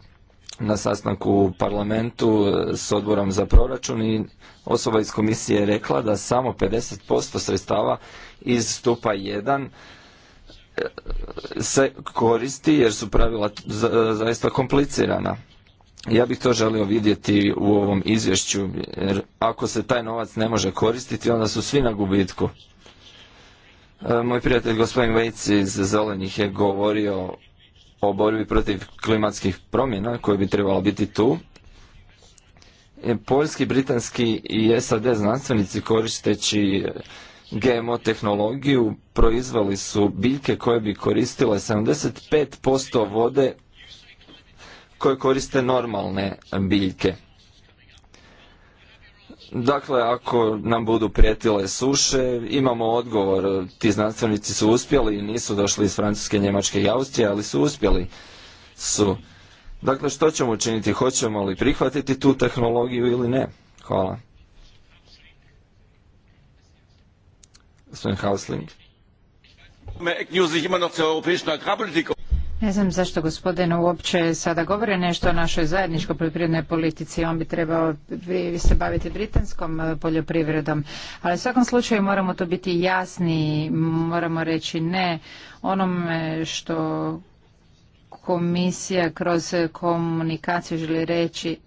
na sastanku u parlamentu e, s odborom za proračun i osoba iz komisije je rekla da samo 50% sredstava iz stupa 1 e, se koristi jer su pravila zaista komplicirana. Ja bih to želio vidjeti u ovom izvješću jer ako se taj novac ne može koristiti onda su svi na gubitku. E, moj prijatelj gospodin Vejc iz Zelenih je govorio o borbi protiv klimatskih promjena koje bi trebalo biti tu. E, poljski, britanski i SAD znanstvenici koristeći GMO tehnologiju proizvali su biljke koje bi koristile 75% vode koje koriste normalne biljke. Dakle, ako nam budu prijetile suše, imamo odgovor. Ti znanstvenici su uspjeli, nisu došli iz Francuske, Njemačke i Austrije, ali su uspjeli. Su. Dakle, što ćemo učiniti? Hoćemo li prihvatiti tu tehnologiju ili ne? Hvala. Gospodin Hausling. Ne znam zašto gospodin uopće sada govori nešto o našoj zajedničkoj poljoprivrednoj politici. On bi trebao se baviti britanskom e, poljoprivredom. Ali u svakom slučaju moramo to biti jasni, moramo reći ne onome što komisija kroz komunikaciju želi reći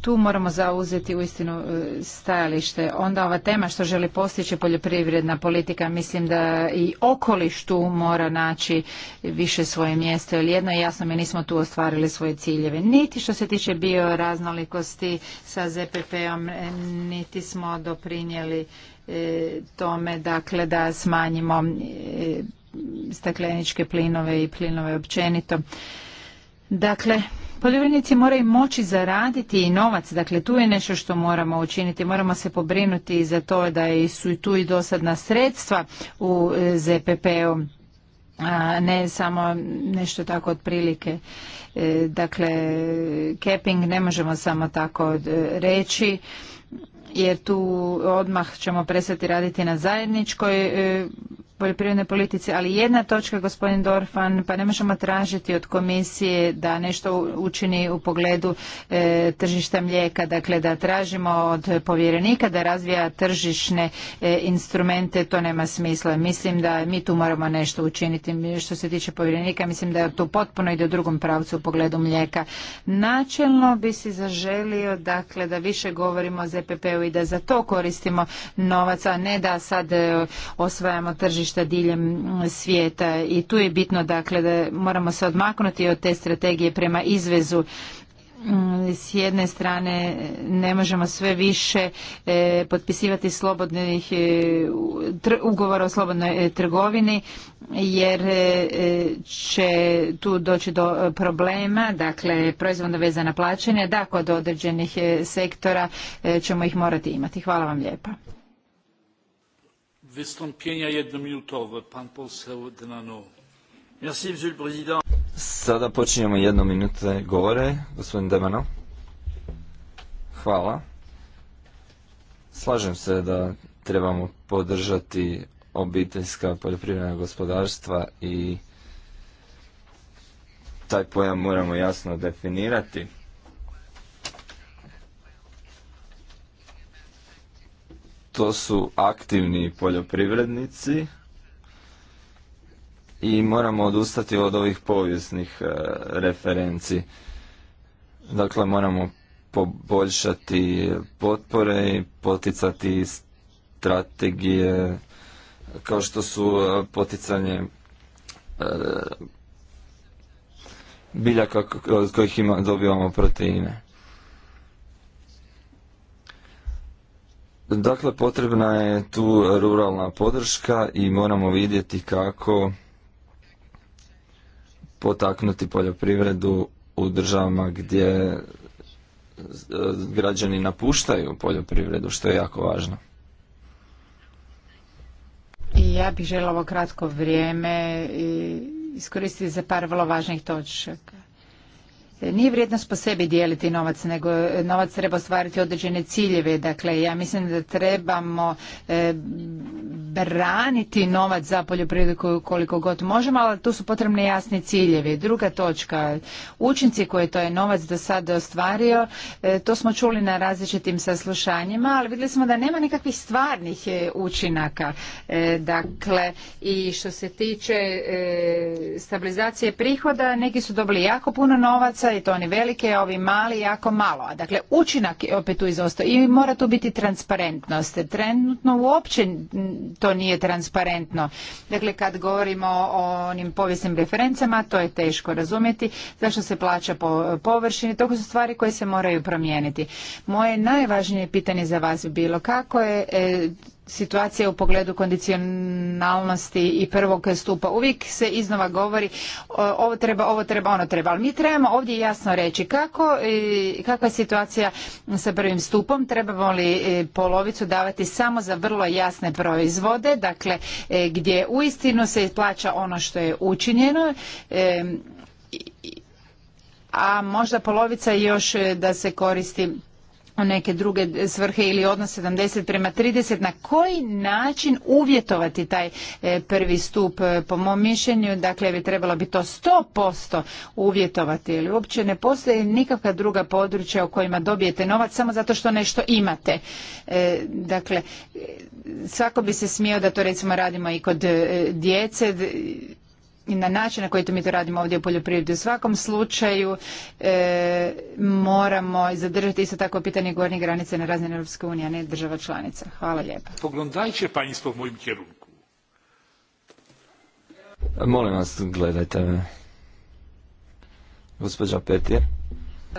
tu moramo zauzeti uistinu e, stajalište. Onda ova tema što želi postići poljoprivredna politika, mislim da i okoliš tu mora naći više svoje mjesto, jer jedno je jasno, mi nismo tu ostvarili svoje ciljeve. Niti što se tiče bio raznolikosti sa ZPP-om, e, niti smo doprinijeli e, tome dakle da smanjimo stakleničke plinove i plinove općenito. Dakle, Poljoprivrednici moraju moći zaraditi i novac, dakle tu je nešto što moramo učiniti, moramo se pobrinuti za to da su i tu i dosadna sredstva u e, ZPP-u, a ne samo nešto tako otprilike. E, dakle, keping ne možemo samo tako e, reći jer tu odmah ćemo prestati raditi na zajedničkoj poljoprivrednoj politici, ali jedna točka, gospodin Dorfan, pa ne možemo tražiti od komisije da nešto učini u pogledu e, tržišta mlijeka, dakle da tražimo od povjerenika da razvija tržišne e, instrumente, to nema smisla. Mislim da mi tu moramo nešto učiniti. Što se tiče povjerenika, mislim da to potpuno ide u drugom pravcu u pogledu mlijeka. Načelno bi si zaželio, dakle, da više govorimo o ZPP-u i da za to koristimo novaca, a ne da sad e, osvajamo tržište tržišta diljem svijeta i tu je bitno dakle da moramo se odmaknuti od te strategije prema izvezu mm, s jedne strane ne možemo sve više e, potpisivati slobodnih e, ugovora o slobodnoj e, trgovini jer će tu doći do problema, dakle proizvodno vezana plaćanja, da kod određenih sektora ćemo ih morati imati. Hvala vam lijepa. Wystąpienia jednominutowe. Pan Sada počinjemo jednu minute govore, gospodin Demano. Hvala. Slažem se da trebamo podržati obiteljska poljoprivredna gospodarstva i taj pojam moramo jasno definirati. to su aktivni poljoprivrednici i moramo odustati od ovih povijesnih e, referenci. Dakle, moramo poboljšati potpore i poticati strategije kao što su e, poticanje e, biljaka od kojih ima, dobivamo proteine. Dakle, potrebna je tu ruralna podrška i moramo vidjeti kako potaknuti poljoprivredu u državama gdje e, građani napuštaju poljoprivredu, što je jako važno. I ja bih željela ovo kratko vrijeme iskoristiti za par vrlo važnih točaka. Nije vrijednost po sebi dijeliti novac, nego novac treba ostvariti određene ciljeve. Dakle, ja mislim da trebamo e, braniti novac za poljoprivredu koliko god možemo, ali tu su potrebne jasni ciljevi. Druga točka, učinci koje to je novac do sada ostvario, e, to smo čuli na različitim saslušanjima, ali vidjeli smo da nema nekakvih stvarnih e, učinaka. Dakle, i što se tiče stabilizacije prihoda, neki su dobili jako puno novaca, i to oni velike, a ovi mali jako malo. A dakle, učinak je opet tu izostao i mora tu biti transparentnost. Trenutno uopće to nije transparentno. Dakle, kad govorimo o onim povijesnim referencama, to je teško razumjeti. Zašto se plaća po površini? To su stvari koje se moraju promijeniti. Moje najvažnije pitanje za vas bi bilo kako je e, situacija u pogledu kondicionalnosti i prvog stupa. Uvijek se iznova govori ovo treba, ovo treba, ono treba. Ali mi trebamo ovdje jasno reći kako, e, kakva je situacija sa prvim stupom. Trebamo li e, polovicu davati samo za vrlo jasne proizvode, dakle e, gdje uistinu se plaća ono što je učinjeno a možda polovica još da se koristi u neke druge svrhe ili odnos 70 prema 30, na koji način uvjetovati taj e, prvi stup e, po mom mišljenju, dakle bi trebalo bi to 100% uvjetovati ili uopće ne postoji nikakva druga područja u kojima dobijete novac samo zato što nešto imate. E, dakle, svako bi se smio da to recimo radimo i kod djece, i na način na koji to mi to radimo ovdje u poljoprivredi. U svakom slučaju e, moramo zadržati isto tako pitanje gornje granice na razne Europske unije, a ne država članica. Hvala lijepa. Pogledajte panjstvo u mojim kjerunku. Molim vas, gledajte me. Petir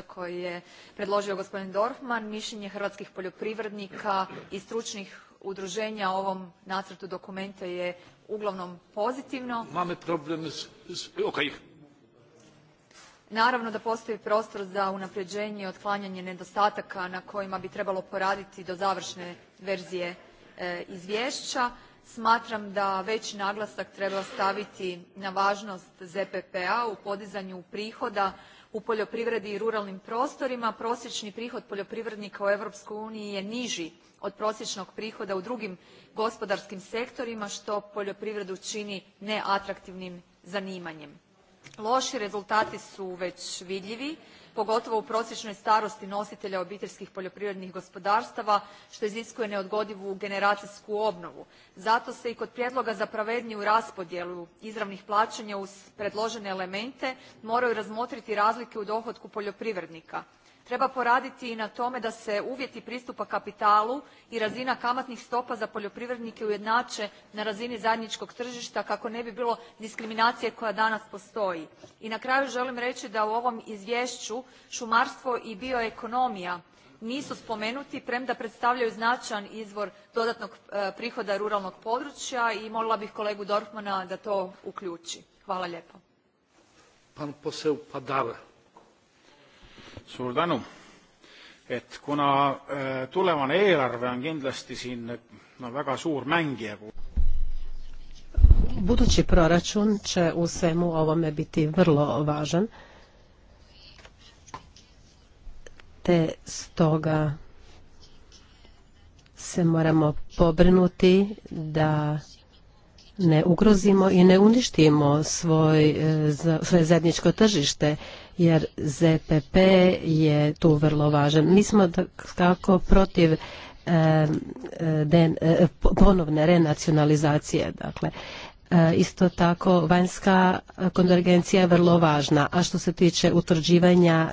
koji je predložio gospodin Dorfman, mišljenje hrvatskih poljoprivrednika i stručnih udruženja ovom nacrtu dokumenta je uglavnom pozitivno. Naravno da postoji prostor za unapređenje i otklanjanje nedostataka na kojima bi trebalo poraditi do završne verzije e, izvješća. Smatram da veći naglasak treba staviti na važnost ZPPA u podizanju prihoda u poljoprivredi i ruralnim prostorima. Prosječni prihod poljoprivrednika u Europskoj uniji je niži od prosječnog prihoda u drugim gospodarskim sektorima što poljoprivredu čini neatraktivnim zanimanjem. Loši rezultati su već vidljivi, pogotovo u prosječnoj starosti nositelja obiteljskih poljoprivrednih gospodarstava što iziskuje neodgodivu generacijsku obnovu. Zato se i kod prijedloga za pravedniju raspodjelu izravnih plaćanja uz predložene elemente moraju razmotriti razlike u dohotku poljoprivrednika treba poraditi i na tome da se uvjeti pristupa kapitalu i razina kamatnih stopa za poljoprivrednike ujednače na razini zajedničkog tržišta kako ne bi bilo diskriminacije koja danas postoji. i na kraju želim reći da u ovom izvješću šumarstvo i bioekonomija nisu spomenuti premda predstavljaju značajan izvor dodatnog e, prihoda ruralnog područja i molila bih kolegu Dorfmana da to uključi. hvala lijepo suur tänu et kuna äh, tulevane eelarve on kindlasti siin no, väga suur mängija budući proračun će u svemu ovome biti vrlo važan te stoga se moramo pobrinuti da ne ugrozimo i ne uništimo svoj, e, svoje zajedničko tržište jer ZPP je tu vrlo važan. Mi smo kako protiv eh, eh, eh, ponovne renacionalizacije, dakle, Isto tako, vanjska konvergencija je vrlo važna, a što se tiče utvrđivanja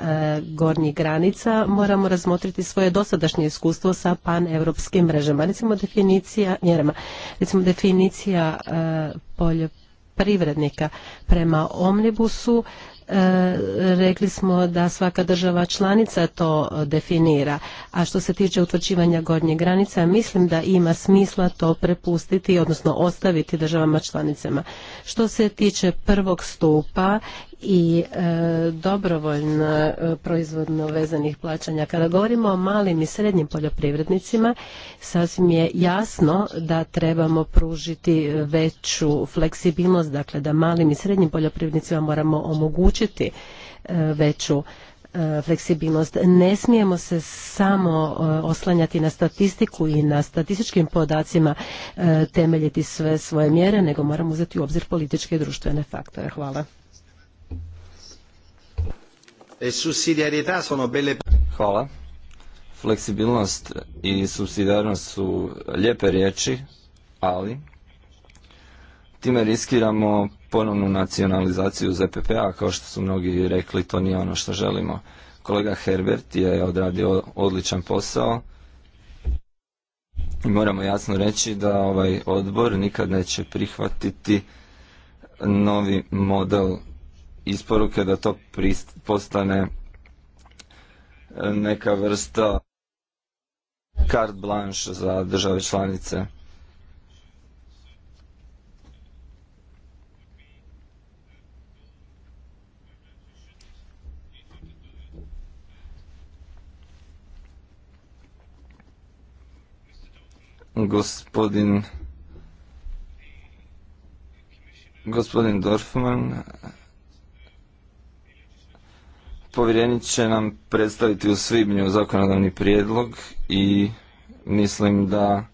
gornjih granica, moramo razmotriti svoje dosadašnje iskustvo sa paneuropskim mrežama. Recimo definicija, mjerama, recimo definicija poljoprivrednika prema omnibusu E, rekli smo da svaka država članica to definira. A što se tiče utvrđivanja gornje granica, mislim da ima smisla to prepustiti, odnosno ostaviti državama članicama. Što se tiče prvog stupa i e, dobrovoljno e, proizvodno vezanih plaćanja. Kada govorimo o malim i srednjim poljoprivrednicima, sasvim je jasno da trebamo pružiti veću fleksibilnost, dakle da malim i srednjim poljoprivrednicima moramo omogućiti e, veću fleksibilnost. Ne smijemo se samo oslanjati na statistiku i na statističkim podacima temeljiti sve svoje mjere, nego moramo uzeti u obzir političke i društvene faktore. Hvala. E, Hvala. Fleksibilnost i subsidijarnost su lijepe riječi, ali time riskiramo ponovnu nacionalizaciju ZPP-a, kao što su mnogi rekli, to nije ono što želimo. Kolega Herbert je odradio odličan posao i moramo jasno reći da ovaj odbor nikad neće prihvatiti novi model isporuke da to postane e, neka vrsta carte blanche za države članice. Gospodin gospodin Dorfman Povjerenik će nam predstaviti u svibnju zakonodavni prijedlog i mislim da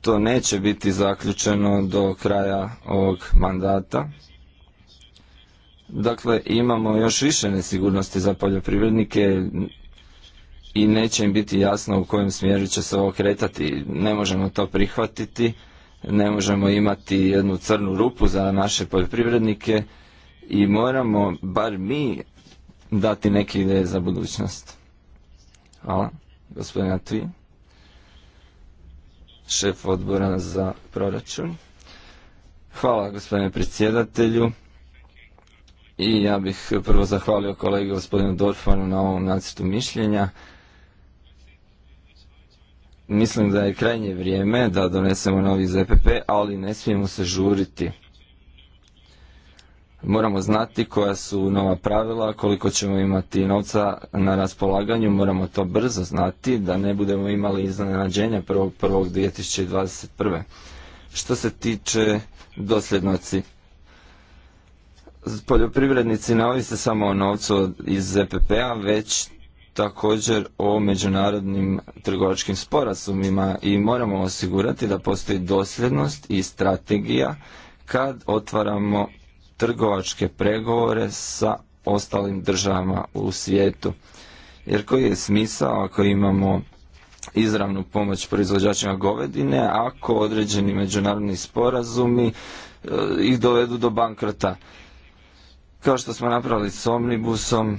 to neće biti zaključeno do kraja ovog mandata. Dakle, imamo još više nesigurnosti za poljoprivrednike i neće im biti jasno u kojem smjeru će se ovo kretati. Ne možemo to prihvatiti, ne možemo imati jednu crnu rupu za naše poljoprivrednike i moramo, bar mi, dati neke ideje za budućnost. Hvala, gospodina Tvi, šef odbora za proračun. Hvala, gospodine predsjedatelju. I ja bih prvo zahvalio kolegi gospodinu Dorfanu na ovom nacrtu mišljenja. Mislim da je krajnje vrijeme da donesemo novi ZPP, ali ne smijemo se žuriti Moramo znati koja su nova pravila, koliko ćemo imati novca na raspolaganju, moramo to brzo znati da ne budemo imali iznenađenja 1.1.2021. Što se tiče dosljednosti, poljoprivrednici ne ovise samo o novcu iz ZPP-a, e već također o međunarodnim trgovačkim sporazumima i moramo osigurati da postoji dosljednost i strategija kad otvaramo trgovačke pregovore sa ostalim državama u svijetu. Jer koji je smisao ako imamo izravnu pomoć proizvođačima govedine, ako određeni međunarodni sporazumi e, ih dovedu do bankrota. Kao što smo napravili s Omnibusom,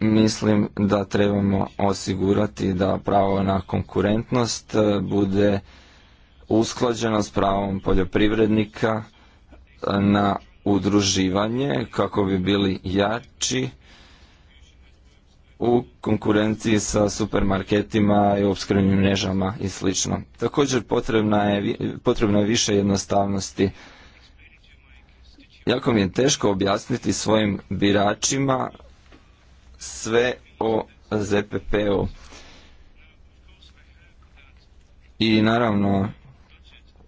mislim da trebamo osigurati da pravo na konkurentnost e, bude usklađeno s pravom poljoprivrednika, na udruživanje kako bi bili jači u konkurenciji sa supermarketima i opskrbnim mrežama i sl. Također potrebna je, potrebno je više jednostavnosti. Jako mi je teško objasniti svojim biračima sve o ZPP-u. I naravno,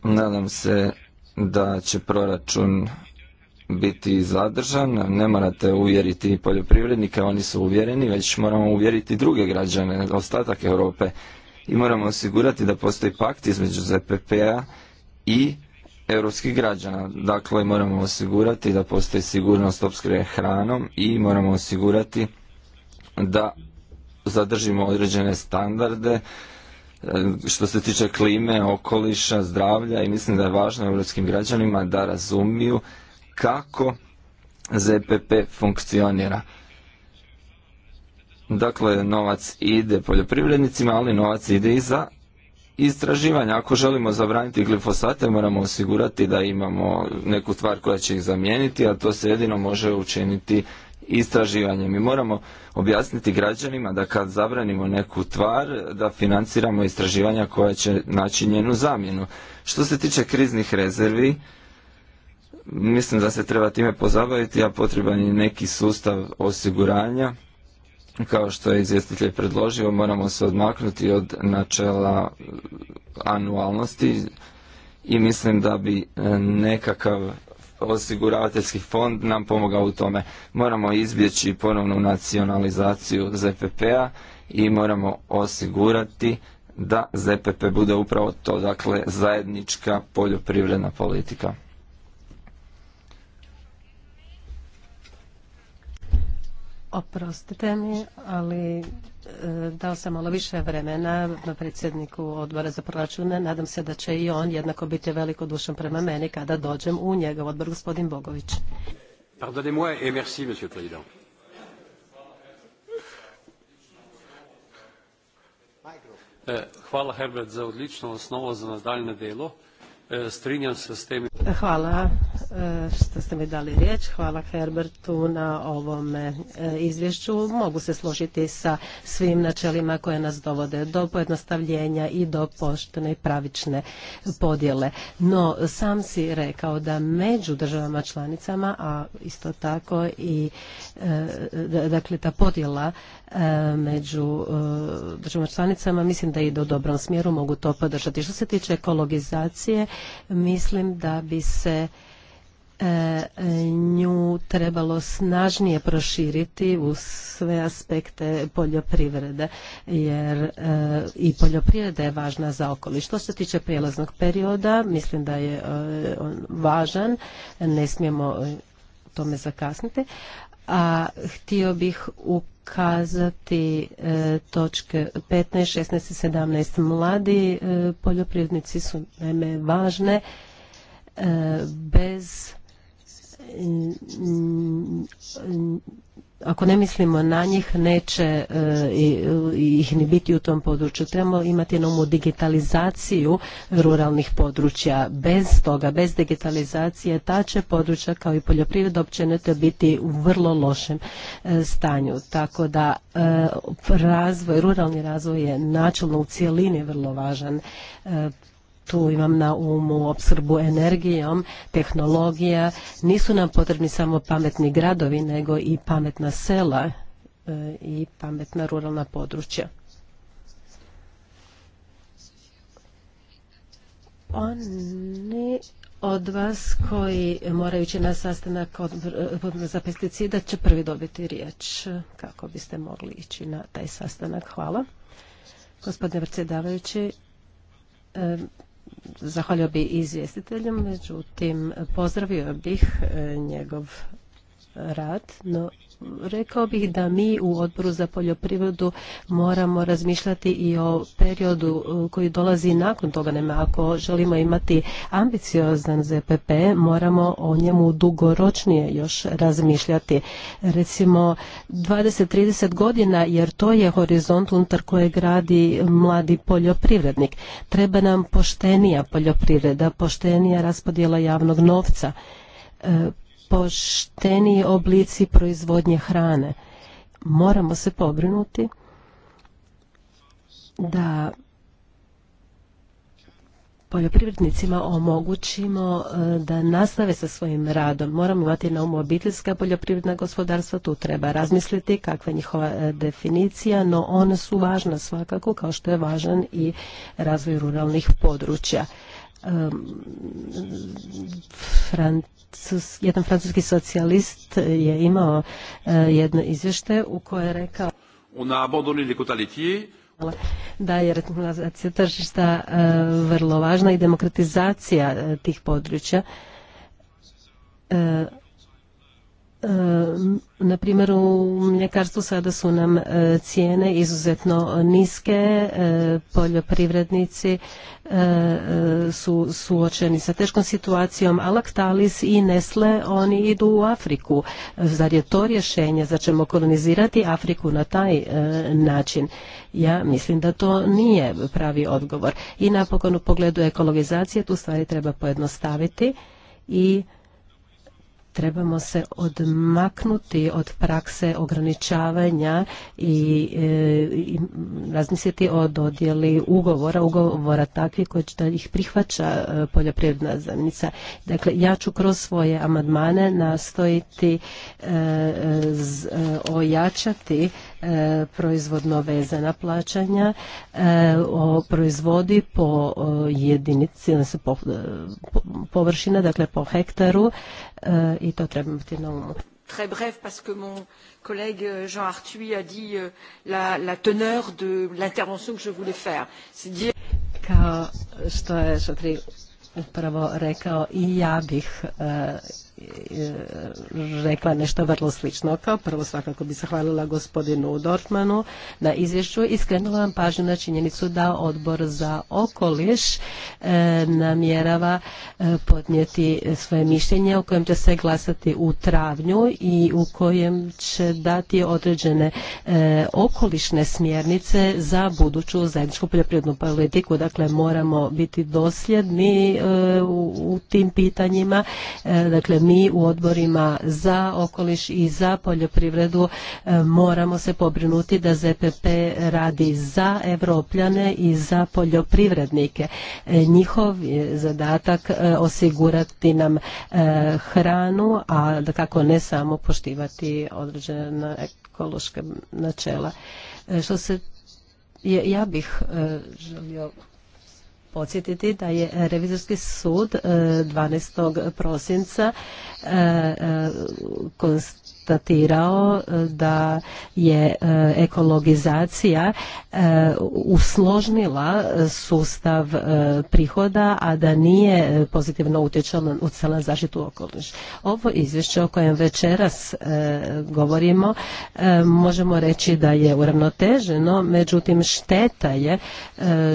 nadam se da će proračun biti zadržan, ne morate uvjeriti poljoprivrednike, oni su uvjereni, već moramo uvjeriti druge građane, ostatak Europe i moramo osigurati da postoji pakt između ZPP-a i europskih građana. Dakle, moramo osigurati da postoji sigurnost opskrbe hranom i moramo osigurati da zadržimo određene standarde što se tiče klime, okoliša, zdravlja i mislim da je važno europskim građanima da razumiju kako ZPP funkcionira. Dakle, novac ide poljoprivrednicima, ali novac ide i za istraživanja. Ako želimo zabraniti glifosate, moramo osigurati da imamo neku tvar koja će ih zamijeniti, a to se jedino može učiniti istraživanje. Mi moramo objasniti građanima da kad zabranimo neku tvar, da financiramo istraživanja koja će naći njenu zamjenu. Što se tiče kriznih rezervi, mislim da se treba time pozabaviti, a potreban je neki sustav osiguranja. Kao što je izvjestitelj predložio, moramo se odmaknuti od načela anualnosti i mislim da bi e, nekakav osiguravateljski fond nam pomogao u tome. Moramo izbjeći ponovnu nacionalizaciju ZPP-a i moramo osigurati da ZPP bude upravo to, dakle zajednička poljoprivredna politika. Oprostite mi, ali dao sam malo više vremena predsjedniku odbora za proračune. Nadam se da će i on jednako biti veliko dušan prema meni kada dođem u njegov odbor, gospodin Bogović. Pardonnez-moi et merci, monsieur le président. Eh, hvala Herbert za odlično osnovo za nadaljne delo. Hvala e, što ste mi dali riječ. Hvala Herbertu na ovome e, izvješću. Mogu se složiti sa svim načelima koje nas dovode do pojednostavljenja i do poštene i pravične podjele. No, sam si rekao da među državama članicama, a isto tako i e, dakle ta podjela E, među e, državama članicama. Mislim da ide u dobrom smjeru, mogu to podržati. Što se tiče ekologizacije, mislim da bi se e, nju trebalo snažnije proširiti u sve aspekte poljoprivrede jer i poljoprivreda je važna za okoliš. Što se tiče prijelaznog perioda, mislim da je on važan, ne smijemo tome zakasniti a htio bih ukazati e, točke 15, 16 i 17. Mladi e, poljoprivrednici su najme važne e, bez ako ne mislimo na njih neće e, ih ni biti u tom području. Trebamo imati novu digitalizaciju ruralnih područja. Bez toga, bez digitalizacije ta će područja kao i poljoprivreda općenito biti u vrlo lošem e, stanju. Tako da e, razvoj, ruralni razvoj je načelno u cijelini vrlo važan tu imam na umu opskrbu energijom, tehnologija, nisu nam potrebni samo pametni gradovi, nego i pametna sela e, i pametna ruralna područja. Oni od vas koji moraju ići na sastanak e, za pesticida će prvi dobiti riječ kako biste mogli ići na taj sastanak. Hvala. Gospodine predsjedavajući, e, zahvalio bi izvjestitelju, međutim pozdravio bih e, njegov rad, no Rekao bih da mi u odboru za poljoprivredu moramo razmišljati i o periodu e, koji dolazi nakon toga. Nema, ako želimo imati ambiciozan ZPP, moramo o njemu dugoročnije još razmišljati. Recimo 20-30 godina, jer to je horizont unutar kojeg gradi mladi poljoprivrednik. Treba nam poštenija poljoprivreda, poštenija raspodjela javnog novca e, pošteniji oblici proizvodnje hrane. Moramo se pobrinuti da poljoprivrednicima omogućimo e, da nastave sa svojim radom. Moramo imati na umu obiteljska poljoprivredna gospodarstva, tu treba razmisliti kakva je njihova e, definicija, no ona su važna svakako kao što je važan i razvoj ruralnih područja jedan francuski socijalist je imao eh, jedno izvješte u koje je rekao da je racionalizacija tržišta eh, vrlo važna i demokratizacija eh, tih područja Eh, na primjer u mljekarstvu sada su nam eh, cijene izuzetno niske, eh, poljoprivrednici su suočeni sa teškom situacijom, a laktalis i nesle oni idu u Afriku. Zar je to rješenje? Zar ćemo kolonizirati Afriku na taj način? Ja mislim da to nije pravi odgovor. I napokon u pogledu ekologizacije tu stvari treba pojednostaviti i trebamo se odmaknuti od prakse ograničavanja e, i, razmisliti o dodjeli ugovora, ugovora takvih koji da ih prihvaća e, poljoprivredna zemljica. Dakle, ja ću kroz svoje amandmane nastojiti e, ojačati E, proizvodno vezana plaćanja e, o proizvodi po jedinici, e, površina, dakle po hektaru i to treba imati na umu. Très bref, parce que mon collègue euh, Jean Arthuis a dit euh, la, teneur de l'intervention que je voulais faire. Dire... Kao što je Šatri upravo rekao, i ja bih rekla nešto vrlo slično. Kao prvo svakako bi zahvalila gospodinu Dortmanu na izvješću i skrenula vam pažnju na činjenicu da odbor za okoliš e, namjerava e, podnijeti svoje mišljenje o kojem će se glasati u travnju i u kojem će dati određene e, okolišne smjernice za buduću zajedničku poljoprivrednu politiku. Dakle, moramo biti dosljedni u tim pitanjima. Dakle, mi u odborima za okoliš i za poljoprivredu e, moramo se pobrinuti da ZPP radi za evropljane i za poljoprivrednike. E, njihov je zadatak e, osigurati nam hranu, a da kako ne samo poštivati određene ekološke načela. Što se ja bih želio podsjetiti da je Revizorski sud 12. E, prosinca e, e, konstatirao konstatirao e, da je e, ekologizacija e, usložnila sustav prihoda, a da nije pozitivno u na zaštitu okoliša. Ovo izvješće o kojem večeras govorimo možemo reći da je uravnoteženo, međutim šteta je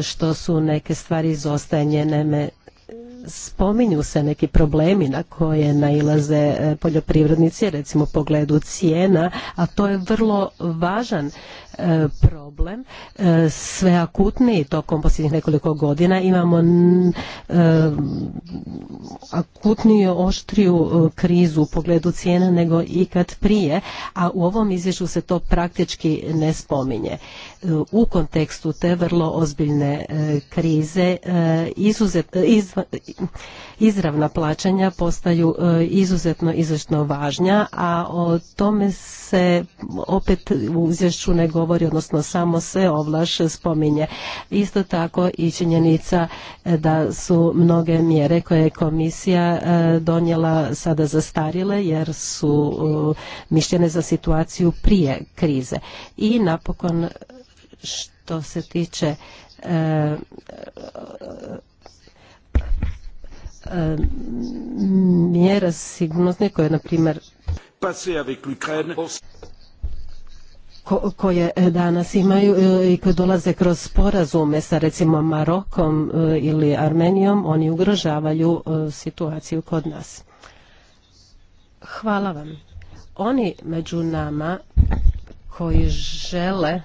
što su neke stvari izostanjene spominju se neki problemi na koje nailaze e, poljoprivrednici, recimo u pogledu cijena, a to je vrlo važan e, problem. E, sve akutniji tokom posljednjih nekoliko godina imamo akutniju, oštriju krizu u pogledu cijena nego ikad prije, a u ovom izvješću se to praktički ne spominje. U kontekstu te vrlo ozbiljne krize izuzet, izravna plaćanja postaju e, izuzetno, izuzetno važnja, a o tome se opet u izvješću ne govori, odnosno samo se ovlaš spominje. Isto tako i činjenica e, da su mnoge mjere koje je komisija e, donijela sada zastarile jer su mišljene za situaciju prije krize. I napokon što se tiče E, mjera sigurnosne koje, na primjer, koje e, danas imaju e, i koje dolaze kroz sporazume sa recimo Marokom ili Armenijom, oni ugrožavaju situaciju kod nas. Hvala vam. Oni među nama koji žele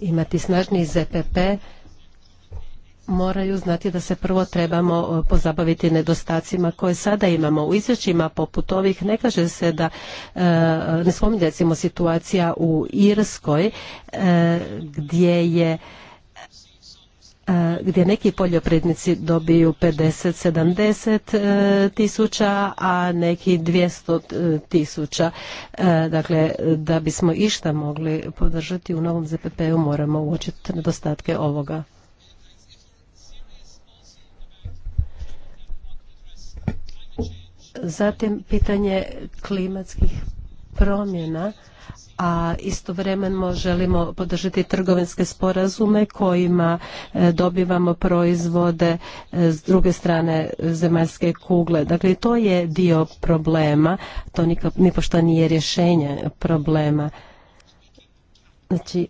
imati snažni ZPP moraju znati da se prvo trebamo e, pozabaviti nedostacima koje sada imamo. U izvješćima poput ovih ne kaže se da, e, ne spominje recimo situacija u Irskoj e, gdje je gdje neki poljoprednici dobiju 50-70 tisuća, a neki 200 tisuća. Dakle, da bismo išta mogli podržati u novom ZPP-u moramo uočiti nedostatke ovoga. Zatim pitanje klimatskih promjena, a istovremeno želimo podržati trgovinske sporazume kojima e, dobivamo proizvode e, s druge strane zemaljske kugle. Dakle, to je dio problema, to nipošto nije rješenje problema. Znači,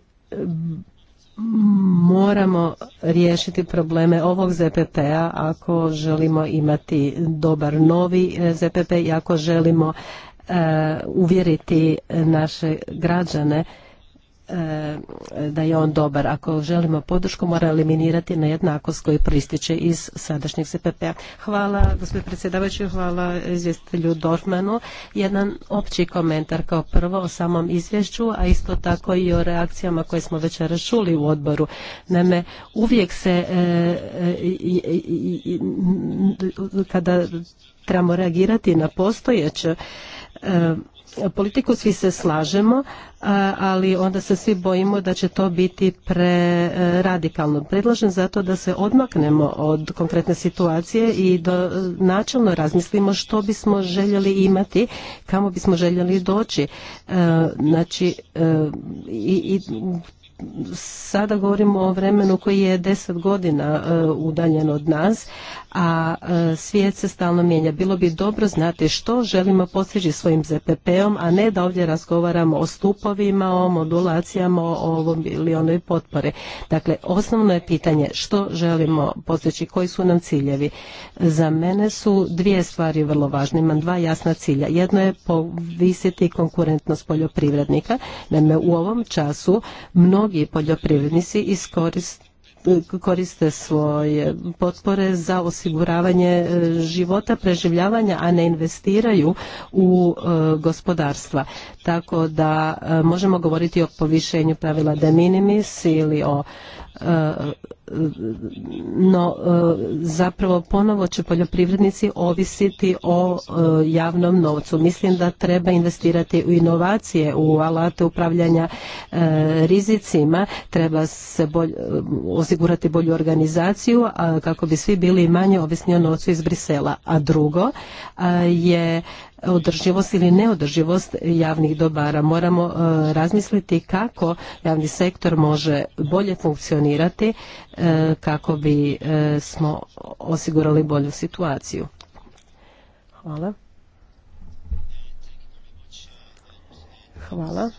moramo riješiti probleme ovog ZPP-a ako želimo imati dobar novi e, ZPP i ako želimo e, uvjeriti naše građane da je on dobar. Ako želimo podršku, mora eliminirati nejednakost koji prističe iz sadašnjeg cpp a p-a. Hvala, gospodine predsjedavajući, hvala izvjestitelju Dorfmanu. Jedan opći komentar kao prvo o samom izvješću, a isto tako i o reakcijama koje smo već čuli u odboru. Naime, uvijek se e, e, kada trebamo reagirati na postojeće e, politiku, svi se slažemo, ali onda se svi bojimo da će to biti preradikalno. E, radikalno. Predlažem zato da se odmaknemo od konkretne situacije i da načelno razmislimo što bismo željeli imati, kamo bismo željeli doći. E, znači, e, i, i sada govorimo o vremenu koji je deset godina e, udaljen od nas, a e, svijet se stalno mijenja. Bilo bi dobro znati što želimo postići svojim ZPP-om, a ne da ovdje razgovaramo o stupovima, o modulacijama, o ovom ili onoj potpore. Dakle, osnovno je pitanje što želimo postići, koji su nam ciljevi. Za mene su dvije stvari vrlo važne, imam dva jasna cilja. Jedno je povisiti konkurentnost poljoprivrednika. Naime, u ovom času mnogo mnogi poljoprivrednici koriste svoje potpore za osiguravanje e, života, preživljavanja, a ne investiraju u e, gospodarstva. Tako da e, možemo govoriti o povišenju pravila de minimis ili o E, no e, zapravo ponovo će poljoprivrednici ovisiti o e, javnom novcu. Mislim da treba investirati u inovacije, u alate upravljanja rizicima, treba se osigurati bolju organizaciju kako bi svi bili manje ovisni o novcu iz Brisela. A drugo je održivost ili neodrživost javnih dobara. Moramo e, razmisliti kako javni sektor može bolje funkcionirati e, kako bi e, smo osigurali bolju situaciju. Hvala. Hvala.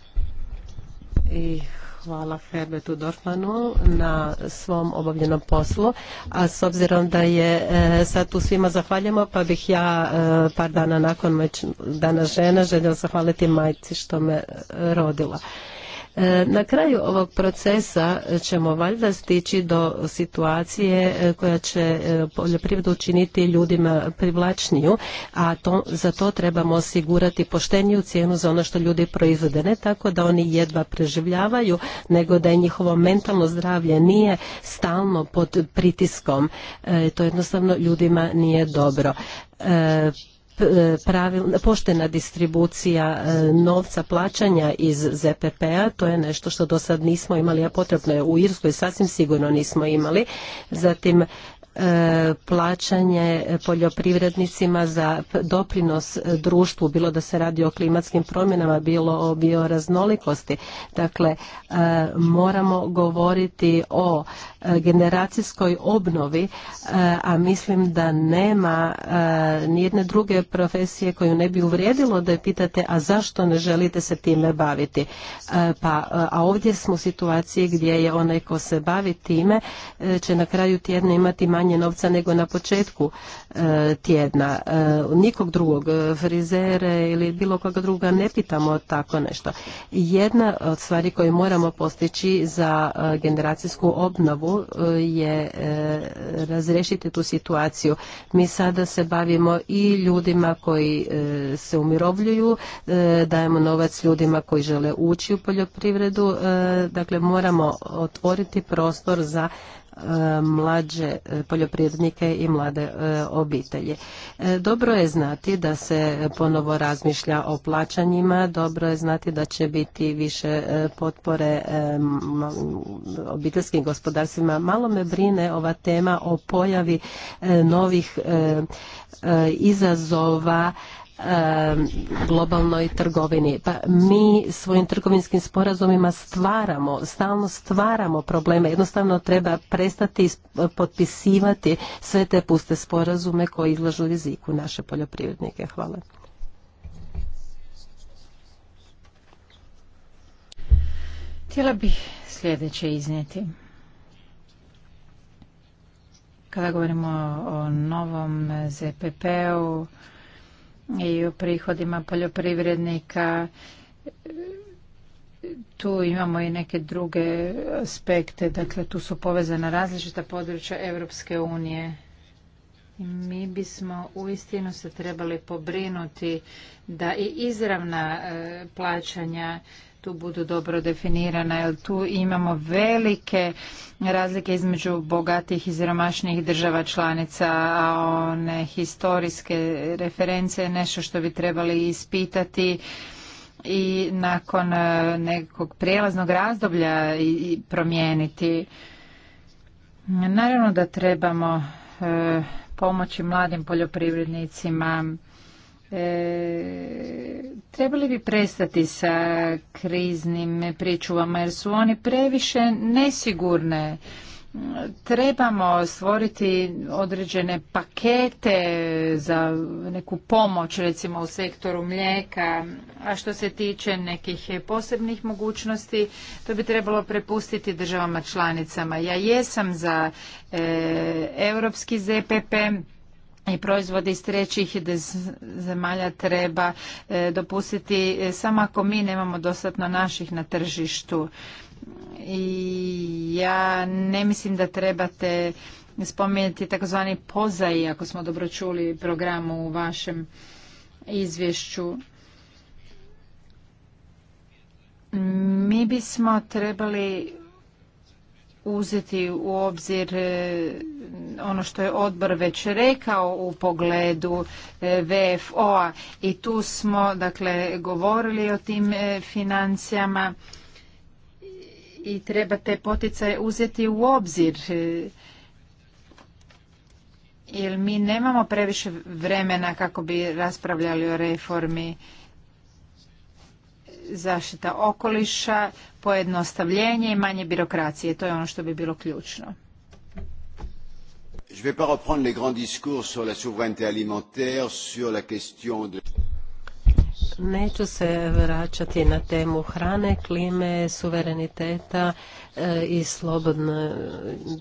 I Hvala Herbertu Dorfmanu na svom obavljenom poslu, a s obzirom da je e, sad tu svima zahvaljamo, pa bih ja e, par dana nakon dana žena željela zahvaliti majci što me e, rodila. E, na kraju ovog procesa ćemo valjda stići do situacije e, koja će e, poljoprivredu učiniti ljudima privlačniju, a to, za to trebamo osigurati pošteniju cijenu za ono što ljudi proizvode. Ne tako da oni jedva preživljavaju, nego da je njihovo mentalno zdravlje nije stalno pod pritiskom. To jednostavno ljudima nije dobro. Pravilna poštena distribucija e, novca plaćanja iz ZPP-a, to je nešto što do sad nismo imali, a potrebno je u Irskoj sasvim sigurno nismo imali. Zatim plaćanje poljoprivrednicima za doprinos društvu, bilo da se radi o klimatskim promjenama, bilo o bioraznolikosti. Dakle, e, moramo govoriti o e, generacijskoj obnovi, e, a mislim da nema nijedne druge profesije koju ne bi uvrijedilo da je pitate, a zašto ne želite se time baviti? Pa, a ovdje smo u situaciji gdje je onaj ko se bavi time će na kraju tjedna imati manje manje novca nego na početku e, tjedna. E, nikog drugog, e, frizere ili bilo koga druga ne pitamo tako nešto. Jedna od stvari koju moramo postići za generacijsku obnovu je razrešiti tu situaciju. Mi sada se bavimo i ljudima koji se umirovljuju, dajemo novac ljudima koji žele ući u poljoprivredu, dakle moramo otvoriti prostor za mlađe e, poljoprivrednike i mlade e, obitelji. E, dobro je znati da se ponovo razmišlja o plaćanjima, dobro je znati da će biti više potpore obiteljskim gospodarstvima. Malo me brine ova tema o pojavi novih izazova globalnoj trgovini. Pa mi svojim trgovinskim sporazumima stvaramo, stalno stvaramo probleme. Jednostavno treba prestati potpisivati sve te puste sporazume koji izlažu riziku naše poljoprivrednike. Hvala. Htjela bih sljedeće iznijeti. Kada govorimo o novom ZPP-u, i o prihodima poljoprivrednika. Tu imamo i neke druge aspekte, dakle tu su povezana različita područja Europske unije. mi bismo uistinu se trebali pobrinuti da i izravna e, plaćanja tu budu dobro definirana, jer tu imamo velike razlike između bogatih i siromašnijih država članica, a one historijske reference je nešto što bi trebali ispitati i nakon e, nekog prijelaznog razdoblja i promijeniti. Naravno da trebamo e, pomoći mladim poljoprivrednicima E, trebali bi prestati sa kriznim pričuvama jer su oni previše nesigurne. Trebamo stvoriti određene pakete za neku pomoć recimo u sektoru mlijeka, a što se tiče nekih posebnih mogućnosti, to bi trebalo prepustiti državama članicama. Ja jesam za e, europski ZPP, i proizvode iz trećih zemalja treba e, dopustiti e, samo ako mi nemamo dostatno naših na tržištu. I ja ne mislim da trebate spominjati takozvani pozaji, ako smo dobro čuli programu u vašem izvješću. Mi bismo trebali uzeti u obzir e, ono što je odbor već rekao u pogledu e, VFO-a i tu smo dakle govorili o tim e, financijama i treba te poticaje uzeti u obzir jer mi nemamo previše vremena kako bi raspravljali o reformi zaštita okoliša, pojednostavljenje i manje birokracije. To je ono što bi bilo ključno. Je Neću se vraćati na temu hrane, klime, suvereniteta E, i slobodnoj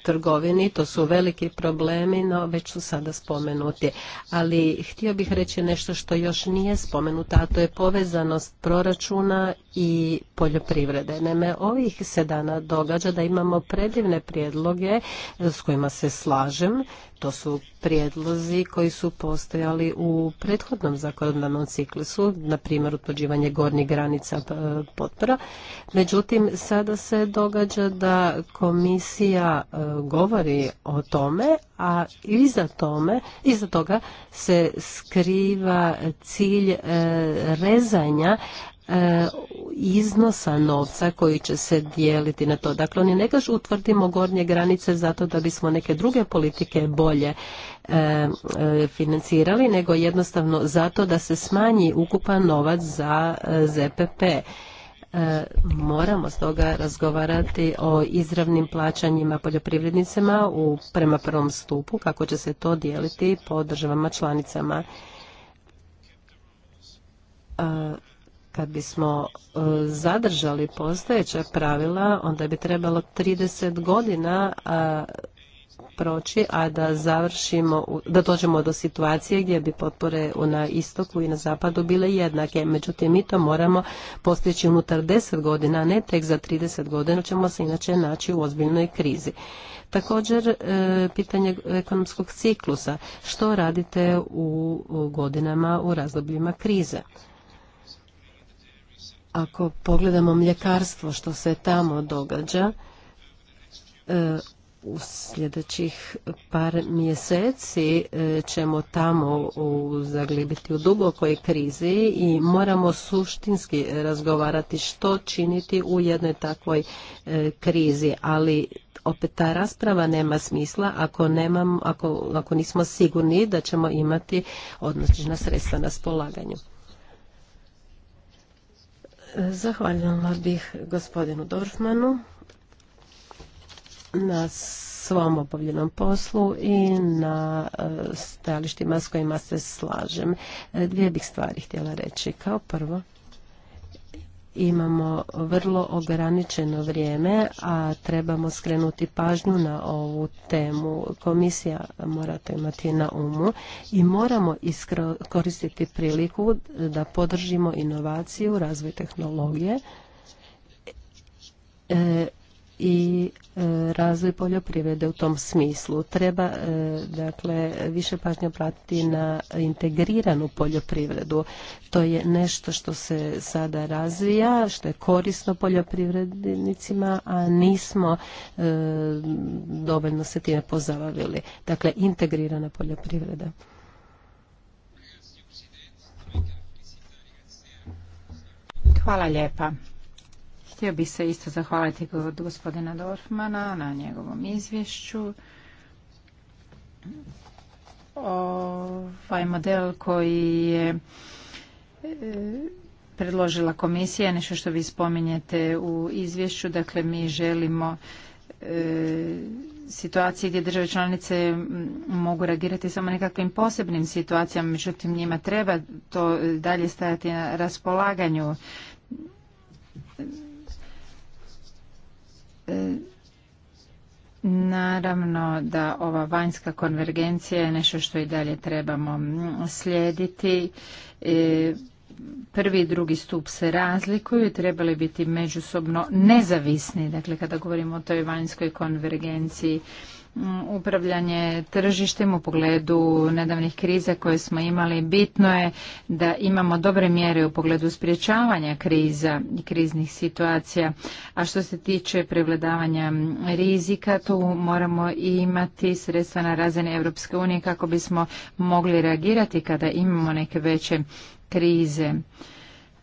trgovini. To su veliki problemi, no već su sada spomenuti. Ali htio bih reći nešto što još nije spomenuto, a to je povezanost proračuna i poljoprivrede. Naime, ovih se dana događa da imamo predivne prijedloge s kojima se slažem. To su prijedlozi koji su postojali u prethodnom zakonodavnom ciklusu, na primjer utvrđivanje gornjih granica e, potpora. Međutim, sada se događa da komisija e, govori o tome, a iza tome, toga se skriva cilj e, rezanja e, iznosa novca koji će se dijeliti na to. Dakle, oni ne kažu utvrdimo gornje granice zato da bismo neke druge politike bolje financirali, nego jednostavno zato da se smanji ukupan novac za ZPP. E, moramo stoga razgovarati o izravnim plaćanjima poljoprivrednicima u, prema prvom stupu, kako će se to dijeliti po državama članicama. E, kad bismo e, zadržali postojeća pravila, onda bi trebalo 30 godina proći, a da završimo, da dođemo do situacije gdje bi potpore na istoku i na zapadu bile jednake. Međutim, mi to moramo postići unutar deset godina, a ne tek za 30 godina ćemo se inače naći u ozbiljnoj krizi. Također, e, pitanje ekonomskog ciklusa. Što radite u godinama, u razdobljima krize? Ako pogledamo mljekarstvo, što se tamo događa, e, u sljedećih par mjeseci e, ćemo tamo zaglibiti u dubokoj krizi i moramo suštinski razgovarati što činiti u jednoj takvoj e, krizi, ali opet ta rasprava nema smisla ako, nemam, ako, ako nismo sigurni da ćemo imati odnosna sredstva na spolaganju. Zahvaljujem bih gospodinu Dorfmanu na svom obavljenom poslu i na e, stajalištima s kojima se slažem. E, dvije bih stvari htjela reći. Kao prvo, imamo vrlo ograničeno vrijeme, a trebamo skrenuti pažnju na ovu temu. Komisija mora to imati na umu i moramo koristiti priliku da podržimo inovaciju, razvoj tehnologije, e, i e, razvoj poljoprivrede u tom smislu. Treba e, dakle više pažnje pratiti na integriranu poljoprivredu. To je nešto što se sada razvija, što je korisno poljoprivrednicima, a nismo e, dovoljno se time pozabavili. Dakle, integrirana poljoprivreda. Hvala lijepa. Htio bih se isto zahvaliti od gospodina Dorfmana na njegovom izvješću. Ovaj model koji je e, predložila komisija, nešto što vi spominjete u izvješću, dakle mi želimo e, situacije gdje države članice mogu reagirati samo nekakvim posebnim situacijama, međutim njima treba to e, dalje stajati na raspolaganju Naravno da ova vanjska konvergencija je nešto što i dalje trebamo mm, slijediti. E, prvi i drugi stup se razlikuju i trebali biti međusobno nezavisni. Dakle, kada govorimo o toj vanjskoj konvergenciji, upravljanje tržištem u pogledu nedavnih kriza koje smo imali. Bitno je da imamo dobre mjere u pogledu sprječavanja kriza i kriznih situacija. A što se tiče prevladavanja rizika, tu moramo imati sredstva na razini Europske unije kako bismo mogli reagirati kada imamo neke veće krize.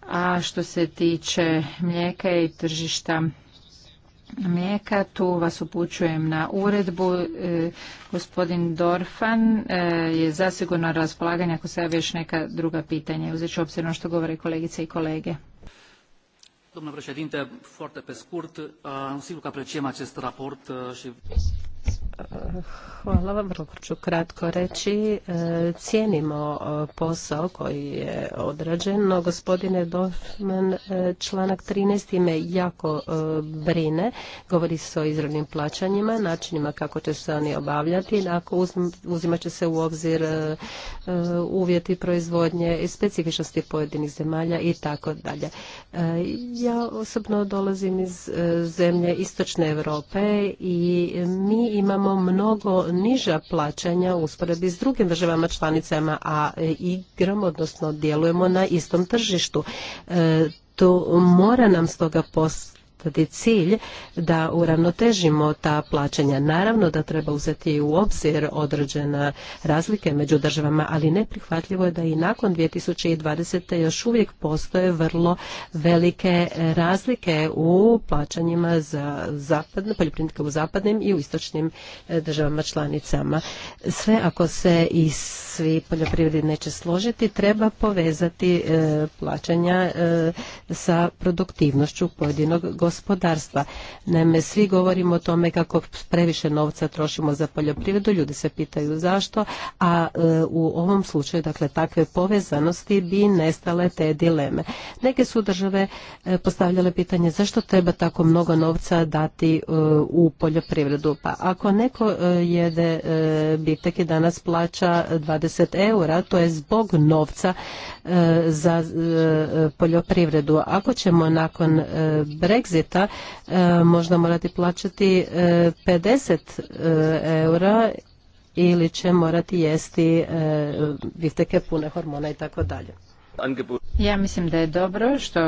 A što se tiče mlijeka i tržišta mlijeka. Tu vas upućujem na uredbu. E, gospodin Dorfan e, je zasigurno raspolaganje ako se javi još neka druga pitanja. Uzet ću obzirno što govore kolegice i kolege. Domnule președinte, foarte pe scurt, apreciem raport e, Hvala vam, vrlo ću kratko reći. E, cijenimo e, posao koji je odrađen, no gospodine Dorfman, e, članak 13. me jako brine. Govori se o izravnim plaćanjima, načinima kako će se oni obavljati, ako uzimat će se u obzir uvjeti proizvodnje i specifičnosti pojedinih zemalja i tako dalje. Ja osobno dolazim iz zemlje Istočne Europe i mi imamo mnogo niža plaćanja u usporedbi s drugim državama članicama, a e, igram, odnosno djelujemo na istom tržištu. E, to mora nam stoga postati postati cilj da uravnotežimo ta plaćanja. Naravno da treba uzeti u obzir određene razlike među državama, ali neprihvatljivo je da i nakon 2020. još uvijek postoje vrlo velike razlike u plaćanjima za zapadne, poljoprivrednike u zapadnim i u istočnim e, državama članicama. Sve ako se i svi poljoprivredni neće složiti, treba povezati e, plaćanja e, sa produktivnošću pojedinog gospodina gospodarstva. Naime, svi govorimo o tome kako previše novca trošimo za poljoprivredu, ljudi se pitaju zašto, a e, u ovom slučaju, dakle, takve povezanosti bi nestale te dileme. Neke su države e, postavljale pitanje zašto treba tako mnogo novca dati e, u poljoprivredu. Pa ako neko jede bitek i danas plaća 20 eura, to je zbog novca za poljoprivredu. Ako ćemo nakon Brexit E, možda morati plaćati 50 e, e, eura ili će morati jesti bifteke pune hormona i tako dalje. Ja mislim da je dobro što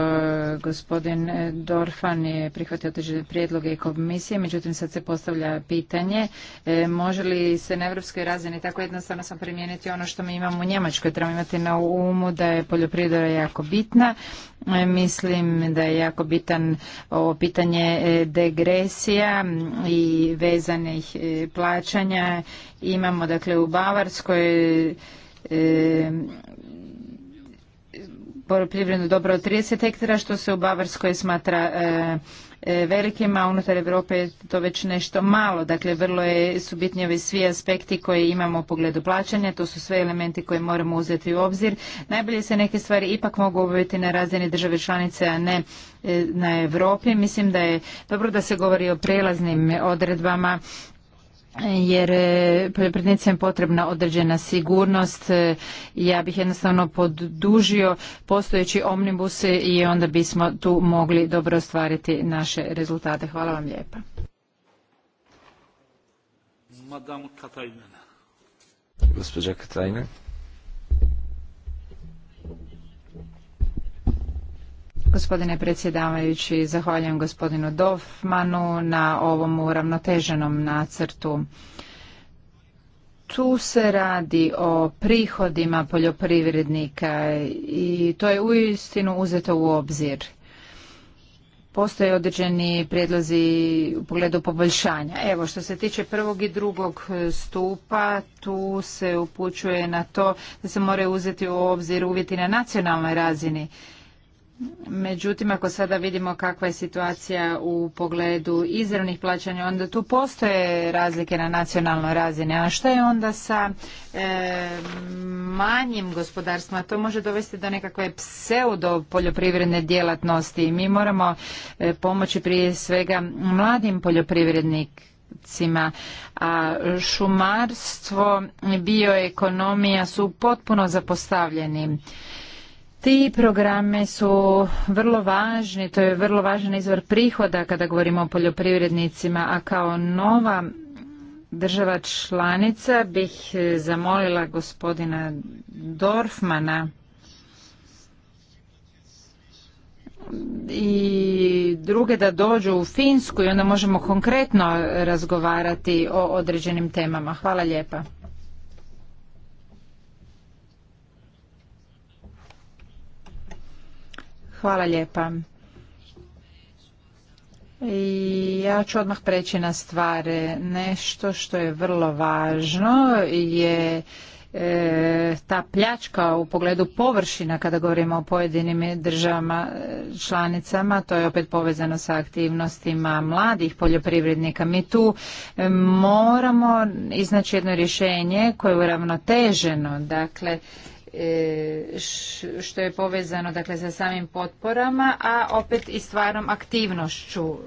gospodin Dorfan je prihvatio određene prijedloge i komisije, međutim sad se postavlja pitanje e, može li se na evropskoj razini tako jednostavno sam primijeniti ono što mi imamo u Njemačkoj. Trebamo imati na umu da je poljoprivreda jako bitna. E, mislim da je jako bitan ovo pitanje e, degresija i vezanih plaćanja. Imamo dakle u Bavarskoj poljoprivredno dobro od 30 hektara što se u Bavarskoj smatra e, e, velikima, a unutar Europe je to već nešto malo. Dakle, vrlo je, su bitni ovi svi aspekti koje imamo u pogledu plaćanja, to su sve elementi koje moramo uzeti u obzir. Najbolje se neke stvari ipak mogu obaviti na razini države članice, a ne e, na Europi. Mislim da je dobro da se govori o prelaznim odredbama jer e, poljoprivrednicima je potrebna određena sigurnost. E, ja bih jednostavno podužio postojeći omnibus i onda bismo tu mogli dobro ostvariti naše rezultate. Hvala vam lijepa. Madame Gospodine predsjedavajući, zahvaljujem gospodinu Dofmanu na ovom uravnoteženom nacrtu. Tu se radi o prihodima poljoprivrednika i to je uistinu uzeto u obzir. Postoje određeni prijedlozi u pogledu poboljšanja. Evo, što se tiče prvog i drugog stupa, tu se upućuje na to da se moraju uzeti u obzir uvjeti na nacionalnoj razini Međutim, ako sada vidimo kakva je situacija u pogledu izravnih plaćanja, onda tu postoje razlike na nacionalnoj razini. A što je onda sa e, manjim gospodarstvima? To može dovesti do nekakve pseudo poljoprivredne djelatnosti. Mi moramo e, pomoći prije svega mladim poljoprivrednicima, a šumarstvo, bioekonomija su potpuno zapostavljeni. Ti programe su vrlo važni, to je vrlo važan izvor prihoda kada govorimo o poljoprivrednicima, a kao nova država članica bih e, zamolila gospodina Dorfmana i druge da dođu u Finsku i onda možemo konkretno razgovarati o određenim temama. Hvala lijepa. Hvala lijepa. I ja ću odmah preći na stvari. Nešto što je vrlo važno je e, ta pljačka u pogledu površina kada govorimo o pojedinim državama e, članicama, to je opet povezano sa aktivnostima mladih poljoprivrednika. Mi tu e, moramo iznaći jedno rješenje koje je uravnoteženo, dakle E, što je povezano dakle sa samim potporama, a opet i stvarnom aktivnošću.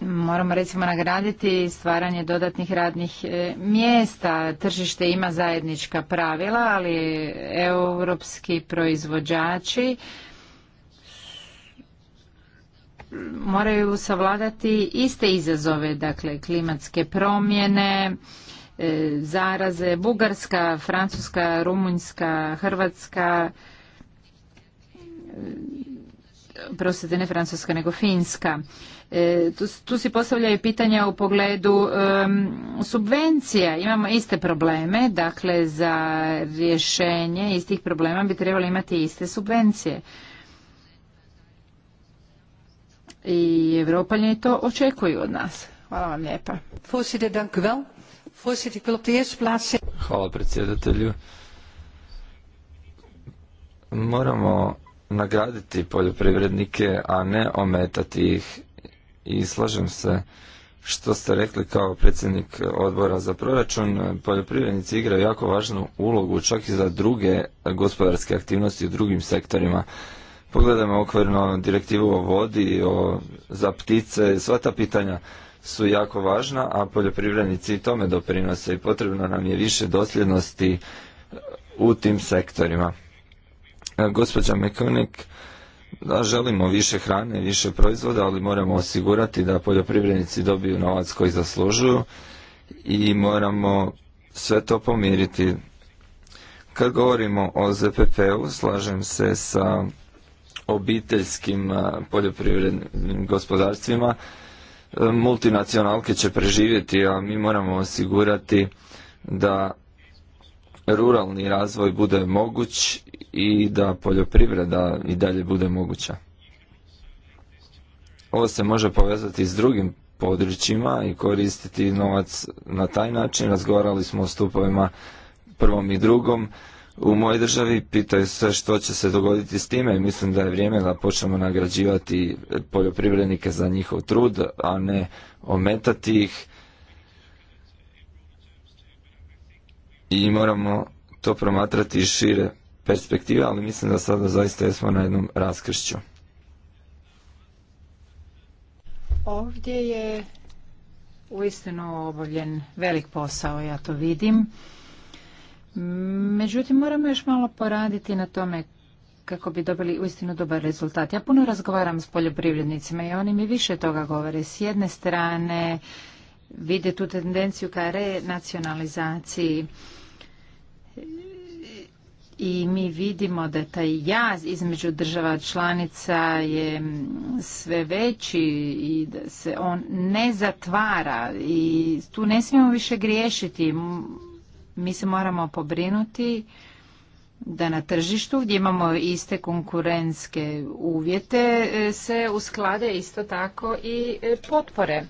Moramo recimo nagraditi stvaranje dodatnih radnih e, mjesta. Tržište ima zajednička pravila, ali europski proizvođači moraju savladati iste izazove, dakle klimatske promjene, E, zaraze. Bugarska, Francuska, Rumunjska, Hrvatska, e, prostite ne Francuska nego Finska. E, tu, tu si postavljaju pitanja u pogledu subvencija. Imamo iste probleme, dakle za rješenje istih problema bi trebali imati iste subvencije. I Evropanje to očekuju od nas. Hvala vam lijepa. Hvala predsjedatelju. Moramo nagraditi poljoprivrednike, a ne ometati ih. I slažem se što ste rekli kao predsjednik odbora za proračun, poljoprivrednici igraju jako važnu ulogu čak i za druge gospodarske aktivnosti u drugim sektorima. Pogledajmo okvirno direktivu o vodi, za ptice, sva ta pitanja su jako važna, a poljoprivrednici i tome doprinose i potrebno nam je više dosljednosti e, u tim sektorima. E, gospođa Mekonik, da želimo više hrane, više proizvoda, ali moramo osigurati da poljoprivrednici dobiju novac koji zaslužuju i moramo sve to pomiriti. Kad govorimo o ZPP-u, slažem se sa obiteljskim e, poljoprivrednim gospodarstvima, multinacionalke će preživjeti, a mi moramo osigurati da ruralni razvoj bude moguć i da poljoprivreda i dalje bude moguća. Ovo se može povezati s drugim područjima i koristiti novac na taj način. Razgovarali smo o stupovima prvom i drugom u mojoj državi pitaju se što će se dogoditi s time i mislim da je vrijeme da počnemo nagrađivati poljoprivrednike za njihov trud, a ne ometati ih. I moramo to promatrati iz šire perspektive, ali mislim da sada zaista jesmo na jednom raskršću. Ovdje je uistinu obavljen velik posao, ja to vidim. Međutim, moramo još malo poraditi na tome kako bi dobili uistinu dobar rezultat. Ja puno razgovaram s poljoprivrednicima i oni mi više toga govore. S jedne strane vide tu tendenciju ka renacionalizaciji i mi vidimo da taj jaz između država članica je sve veći i da se on ne zatvara i tu ne smijemo više griješiti mi se moramo pobrinuti da na tržištu gdje imamo iste konkurentske uvjete e, se usklade isto tako i e, potpore.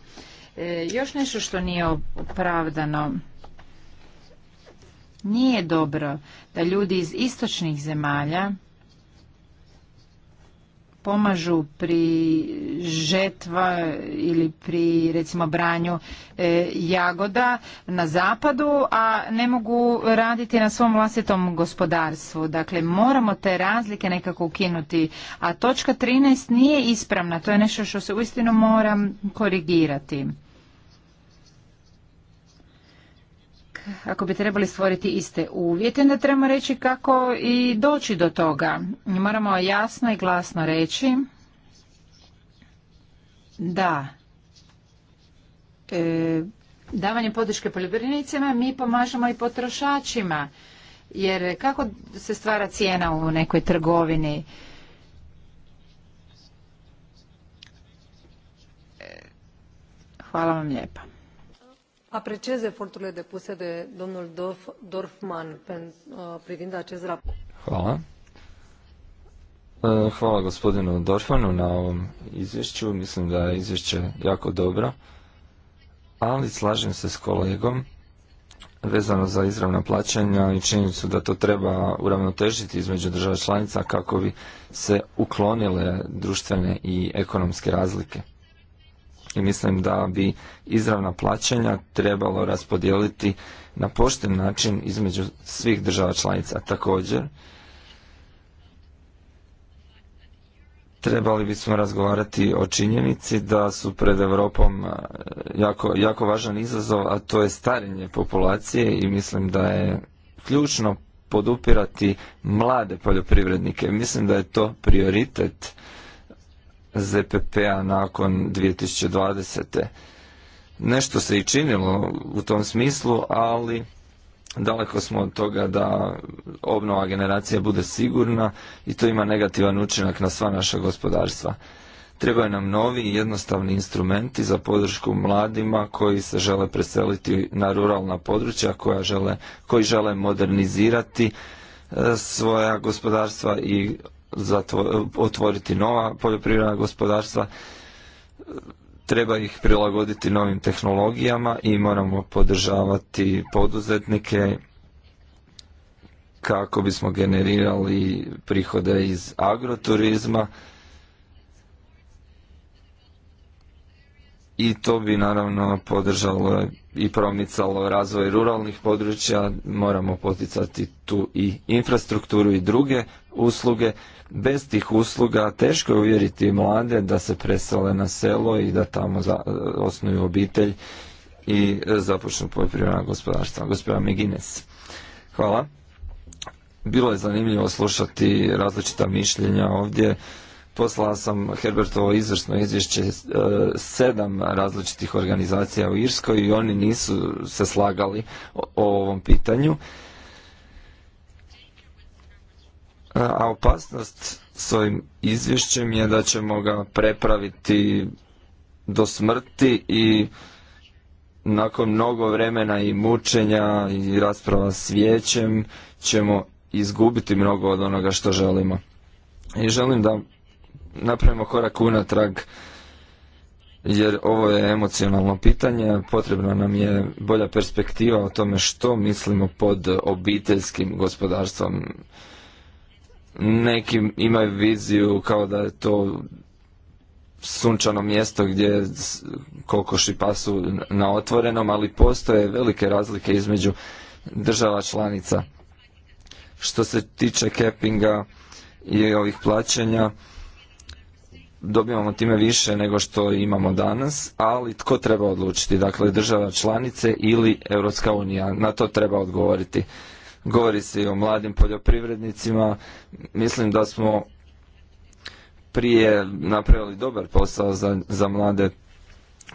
E, još nešto što nije opravdano. Nije dobro da ljudi iz istočnih zemalja pomažu pri žetva ili pri recimo branju e, jagoda na zapadu, a ne mogu raditi na svom vlastitom gospodarstvu. Dakle, moramo te razlike nekako ukinuti. A točka 13 nije ispravna, to je nešto što se uistinu mora korigirati. ako bi trebali stvoriti iste uvjete, onda trebamo reći kako i doći do toga. Moramo jasno i glasno reći da e, davanje podrške poljoprivrednicima mi pomažemo i potrošačima. Jer kako se stvara cijena u nekoj trgovini? Hvala vam lijepa apreciez eforturile depuse de domnul Dorfman uh, privind acest raport. Hvala. Uh, hvala gospodinu Dorfanu na ovom izvješću. Mislim da je izvješće jako dobro, ali slažem se s kolegom vezano za izravna plaćanja i činjenicu da to treba uravnotežiti između država članica kako bi se uklonile društvene i ekonomske razlike i mislim da bi izravna plaćanja trebalo raspodijeliti na pošten način između svih država članica. Također, trebali bismo razgovarati o činjenici da su pred Europom e, jako, jako važan izazov, a to je starenje populacije i mislim da je ključno podupirati mlade poljoprivrednike. Mislim da je to prioritet ZPP-a nakon 2020. Nešto se i činilo u tom smislu, ali daleko smo od toga da obnova generacija bude sigurna i to ima negativan učinak na sva naša gospodarstva. Trebaju nam novi i jednostavni instrumenti za podršku mladima koji se žele preseliti na ruralna područja, koja žele, koji žele modernizirati e, svoja gospodarstva i otvoriti nova poljoprivredna gospodarstva, treba ih prilagoditi novim tehnologijama i moramo podržavati poduzetnike kako bismo generirali prihode iz agroturizma i to bi naravno podržalo i promicalo razvoj ruralnih područja, moramo poticati tu i infrastrukturu i druge usluge. Bez tih usluga teško je uvjeriti mlade da se presele na selo i da tamo osnuju obitelj i započnu poljoprivredna gospodarstva. Gospodina Migines, hvala. Bilo je zanimljivo slušati različita mišljenja ovdje Poslala sam Herbertovo izvrsno izvješće e, sedam različitih organizacija u Irskoj i oni nisu se slagali o ovom pitanju. E, a opasnost s ovim izvješćem je da ćemo ga prepraviti do smrti i nakon mnogo vremena i mučenja i rasprava s vijećem ćemo izgubiti mnogo od onoga što želimo. I želim da napravimo korak unatrag jer ovo je emocionalno pitanje, potrebna nam je bolja perspektiva o tome što mislimo pod obiteljskim gospodarstvom. Neki imaju viziju kao da je to sunčano mjesto gdje kokoši pasu na otvorenom, ali postoje velike razlike između država članica. Što se tiče kepinga i ovih plaćanja, dobivamo time više nego što imamo danas, ali tko treba odlučiti? Dakle, država članice ili Europska unija? Na to treba odgovoriti. Govori se i o mladim poljoprivrednicima. Mislim da smo prije napravili dobar posao za, za mlade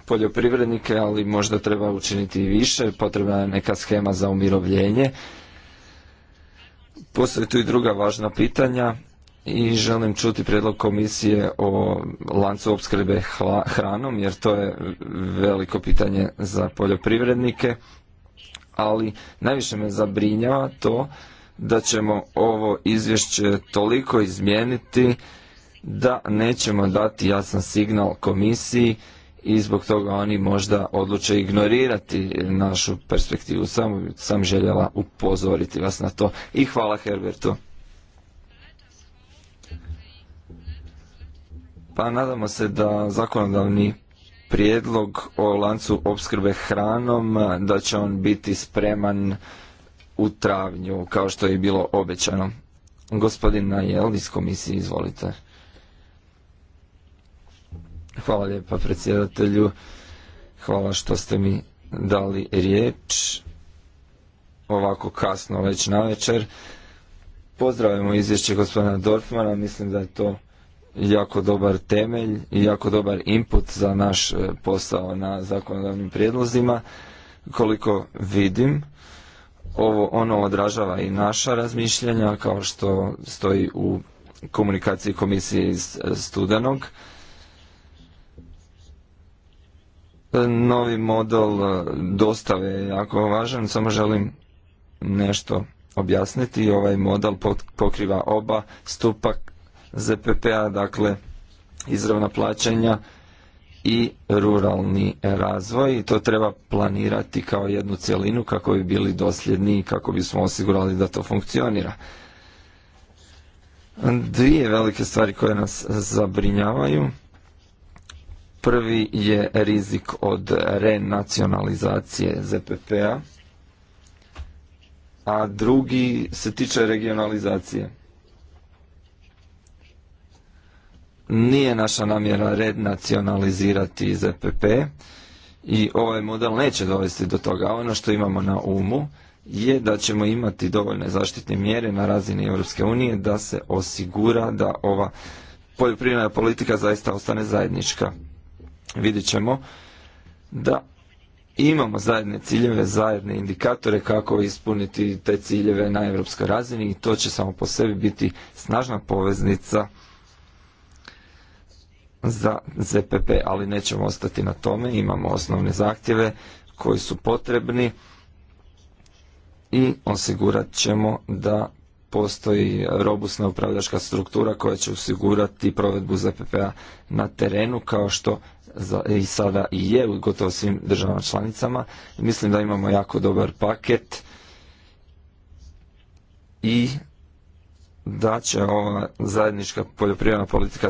poljoprivrednike, ali možda treba učiniti i više. Potrebna je neka schema za umirovljenje. Postoje tu i druga važna pitanja i želim čuti predlog komisije o lancu opskrbe hranom jer to je veliko pitanje za poljoprivrednike ali najviše me zabrinjava to da ćemo ovo izvješće toliko izmijeniti da nećemo dati jasan signal komisiji i zbog toga oni možda odluče ignorirati našu perspektivu. Sam, sam željela upozoriti vas na to i hvala Herbertu. Pa nadamo se da zakonodavni prijedlog o lancu opskrbe hranom, da će on biti spreman u travnju, kao što je bilo obećano. Gospodin Najel iz komisije, izvolite. Hvala lijepa predsjedatelju. Hvala što ste mi dali riječ ovako kasno već na večer. Pozdravimo izvješće gospodina Dorfmana, mislim da je to jako dobar temelj i jako dobar input za naš e, posao na zakonodavnim prijedlozima. Koliko vidim, ovo ono odražava i naša razmišljanja kao što stoji u komunikaciji komisije iz e, studenog. E, novi model dostave je jako važan, samo želim nešto objasniti. Ovaj model pokriva oba stupak ZPP-a, dakle izravna plaćanja i ruralni razvoj i to treba planirati kao jednu cjelinu kako bi bili dosljedni i kako bismo osigurali da to funkcionira. Dvije velike stvari koje nas zabrinjavaju. Prvi je rizik od renacionalizacije ZPP-a, a drugi se tiče regionalizacije. Nije naša namjera red nacionalizirati ZPP i ovaj model neće dovesti do toga. Ono što imamo na umu je da ćemo imati dovoljne zaštitne mjere na razini Europske unije da se osigura da ova poljoprivredna politika zaista ostane zajednička. Vidjet ćemo da imamo zajedne ciljeve, zajedne indikatore kako ispuniti te ciljeve na europskoj razini i to će samo po sebi biti snažna poveznica za ZPP, ali nećemo ostati na tome, imamo osnovne zahtjeve koji su potrebni i osigurat ćemo da postoji robustna upravljačka struktura koja će osigurati provedbu ZPP-a na terenu kao što i sada i je u gotovo svim državama članicama. Mislim da imamo jako dobar paket i da će ova zajednička poljoprivredna politika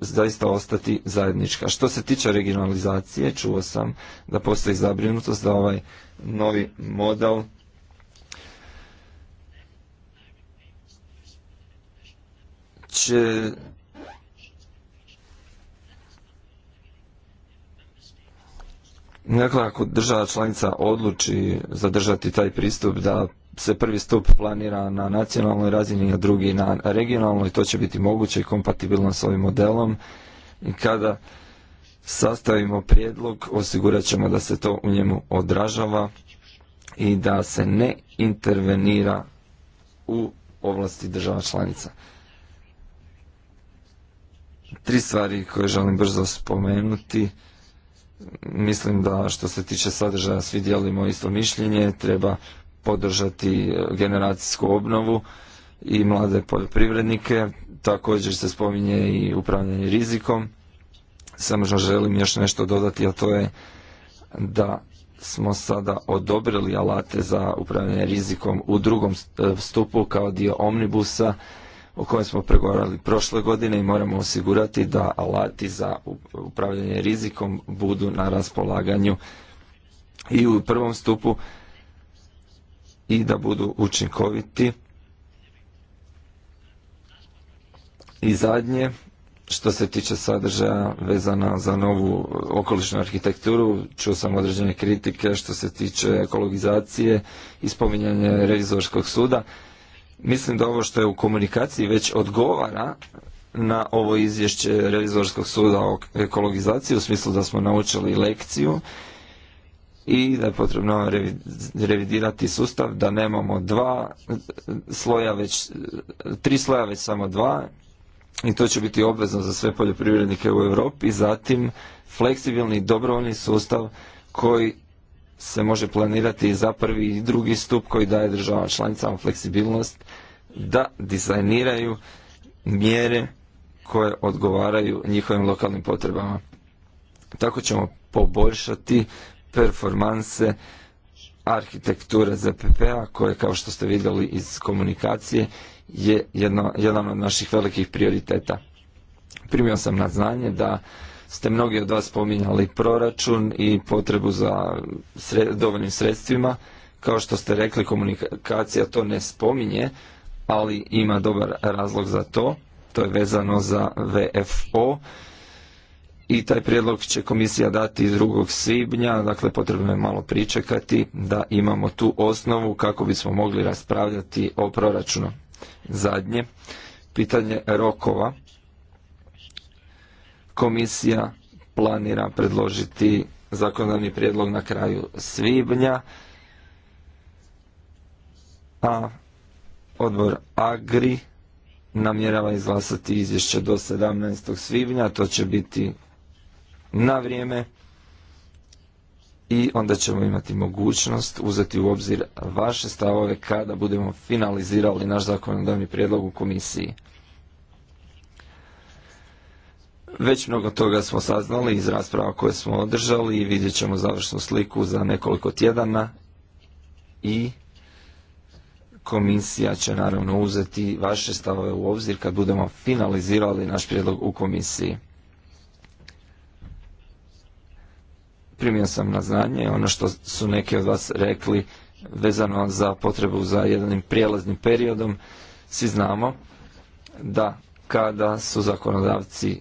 zaista ostati zajednička. Što se tiče regionalizacije, čuo sam da postoji zabrinutost da ovaj novi model će Dakle, ako država članica odluči zadržati taj pristup da se prvi stup planira na nacionalnoj razini, a drugi na regionalnoj, to će biti moguće i kompatibilno s ovim modelom. I kada sastavimo prijedlog, osigurat ćemo da se to u njemu odražava i da se ne intervenira u ovlasti država članica. Tri stvari koje želim brzo spomenuti. Mislim da što se tiče sadržaja svi dijelimo isto mišljenje, treba podržati e, generacijsku obnovu i mlade poljoprivrednike. Također se spominje i upravljanje rizikom. Samo želim još nešto dodati, a to je da smo sada odobrili alate za upravljanje rizikom u drugom e, stupu kao dio omnibusa o kojem smo pregovarali prošle godine i moramo osigurati da alati za upravljanje rizikom budu na raspolaganju i u prvom stupu i da budu učinkoviti. I zadnje, što se tiče sadržaja vezana za novu okolišnu arhitekturu, čuo sam određene kritike što se tiče ekologizacije i spominjanje revizorskog suda. Mislim da ovo što je u komunikaciji već odgovara na ovo izvješće revizorskog suda o ekologizaciji u smislu da smo naučili lekciju i da je potrebno revidirati sustav da nemamo dva sloja već tri sloja već samo dva i to će biti obvezno za sve poljoprivrednike u Europi zatim fleksibilni dobrovoljni sustav koji se može planirati za prvi i drugi stup koji daje državama članicama fleksibilnost da dizajniraju mjere koje odgovaraju njihovim lokalnim potrebama. Tako ćemo poboljšati performanse arhitekture ZPP-a koje kao što ste vidjeli iz komunikacije je jedan od naših velikih prioriteta. Primio sam na znanje da ste mnogi od vas spominjali proračun i potrebu za dovoljnim sredstvima. Kao što ste rekli, komunikacija to ne spominje, ali ima dobar razlog za to. To je vezano za VFO i taj prijedlog će komisija dati 2. svibnja, dakle potrebno je malo pričekati da imamo tu osnovu kako bismo mogli raspravljati o proračunu. Zadnje, pitanje rokova. Komisija planira predložiti zakonodavni prijedlog na kraju svibnja, a odbor Agri namjerava izglasati izvješće do 17. svibnja, to će biti na vrijeme i onda ćemo imati mogućnost uzeti u obzir vaše stavove kada budemo finalizirali naš zakonodavni prijedlog u komisiji. Već mnogo toga smo saznali iz rasprava koje smo održali i vidjet ćemo završnu sliku za nekoliko tjedana i komisija će naravno uzeti vaše stavove u obzir kad budemo finalizirali naš prijedlog u komisiji. primio sam na znanje ono što su neki od vas rekli vezano za potrebu za jednim prijelaznim periodom. Svi znamo da kada su zakonodavci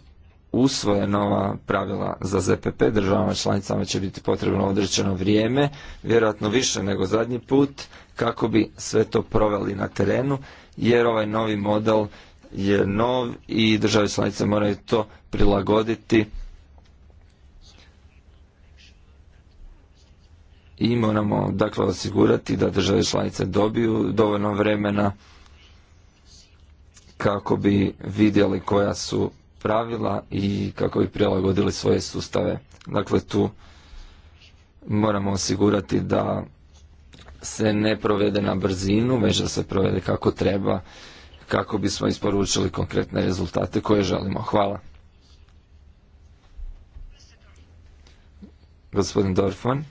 usvoje nova pravila za ZPP, državama članicama će biti potrebno određeno vrijeme, vjerojatno više nego zadnji put, kako bi sve to proveli na terenu, jer ovaj novi model je nov i države članice moraju to prilagoditi i moramo dakle osigurati da države članice dobiju dovoljno vremena kako bi vidjeli koja su pravila i kako bi prilagodili svoje sustave. Dakle, tu moramo osigurati da se ne provede na brzinu, već da se provede kako treba, kako bismo isporučili konkretne rezultate koje želimo. Hvala. Gospodin Dorfman.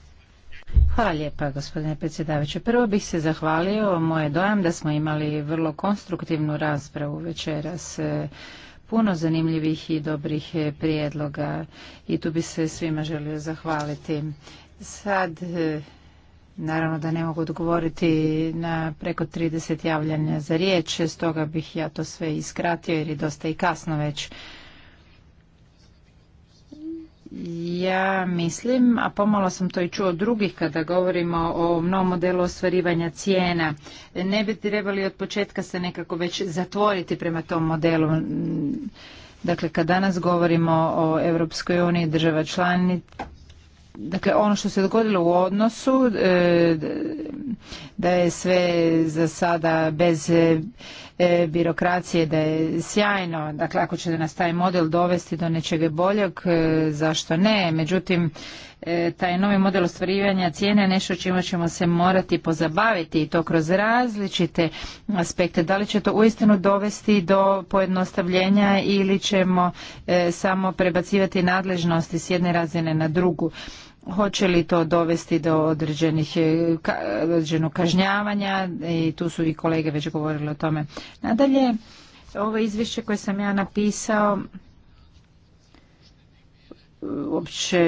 Hvala lijepa gospodine predsjedavajući. Prvo bih se zahvalio. Moje dojam da smo imali vrlo konstruktivnu raspravu večeras puno zanimljivih i dobrih prijedloga i tu bi se svima želio zahvaliti. Sad, naravno da ne mogu odgovoriti na preko 30 javljanja za riječ, stoga bih ja to sve iskratio jer je dosta i kasno već. Ja mislim, a pomalo sam to i čuo od drugih kada govorimo o novom modelu ostvarivanja cijena, ne bi trebali od početka se nekako već zatvoriti prema tom modelu. Dakle, kad danas govorimo o Europskoj uniji država članica, Dakle, ono što se dogodilo u odnosu, e, da je sve za sada bez e, e, birokracije, da je sjajno. Dakle, ako će nas taj model dovesti do nečega boljeg, zašto ne? Međutim, E, taj novi model ostvarivanja cijene je nešto čime ćemo se morati pozabaviti i to kroz različite aspekte. Da li će to uistinu dovesti do pojednostavljenja ili ćemo e, samo prebacivati nadležnosti s jedne razine na drugu? Hoće li to dovesti do određenih, e, određenog kažnjavanja i tu su i kolege već govorili o tome. Nadalje, ovo izvješće koje sam ja napisao uopće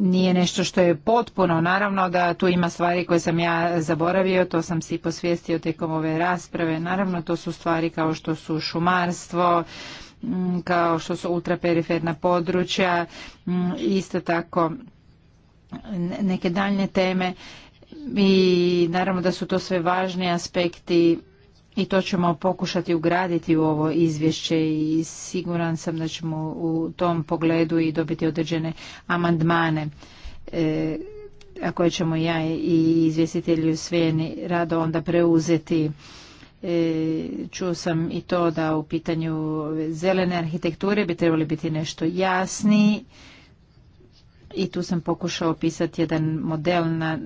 nije nešto što je potpuno. Naravno da tu ima stvari koje sam ja zaboravio, to sam si posvijestio tijekom ove rasprave. Naravno to su stvari kao što su šumarstvo, mm, kao što su ultraperiferna područja, mm, isto tako neke daljne teme i naravno da su to sve važni aspekti i to ćemo pokušati ugraditi u ovo izvješće i siguran sam da ćemo u tom pogledu i dobiti određene amandmane e, a koje ćemo ja i izvjestitelji u Svijeni rado onda preuzeti. E, čuo sam i to da u pitanju zelene arhitekture bi trebali biti nešto jasniji i tu sam pokušao opisati jedan model na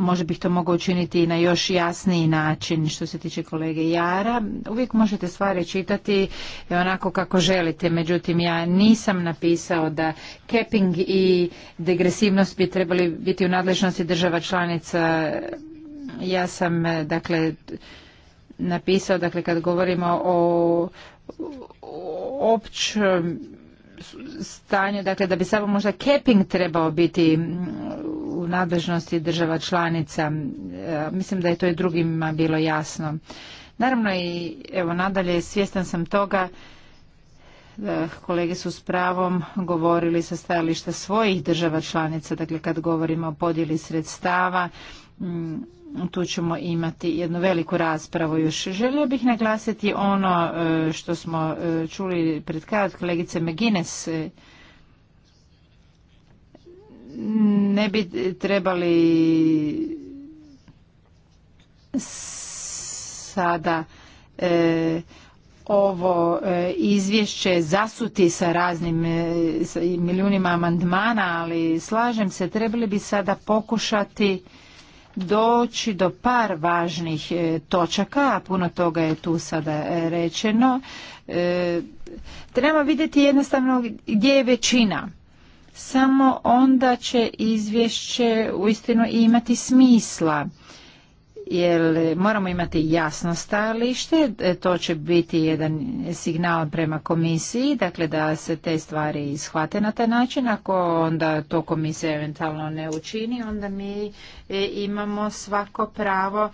Može bih to mogao učiniti na još jasniji način što se tiče kolege Jara. Uvijek možete stvari čitati onako kako želite, međutim ja nisam napisao da keping i degresivnost bi trebali biti u nadležnosti država članica. Ja sam dakle napisao, dakle kad govorimo o općem stanju, dakle da bi samo možda keping trebao biti nadležnosti država članica. E, mislim da je to i drugima bilo jasno. Naravno i evo nadalje svjestan sam toga da e, kolege su s pravom govorili sa stajališta svojih država članica, dakle kad govorimo o podjeli sredstava, mm, tu ćemo imati jednu veliku raspravu još. Želio bih naglasiti ono e, što smo čuli pred kraj od kolegice Megines ne bi trebali sada e, ovo e, izvješće zasuti sa raznim e, milijunima amandmana, ali slažem se, trebali bi sada pokušati doći do par važnih e, točaka, a puno toga je tu sada rečeno. Treba vidjeti jednostavno gdje je većina samo onda će izvješće uistinu imati smisla jer moramo imati jasno stajalište, e, to će biti jedan signal prema komisiji, dakle da se te stvari shvate na taj način, ako onda to komisija eventualno ne učini, onda mi e, imamo svako pravo,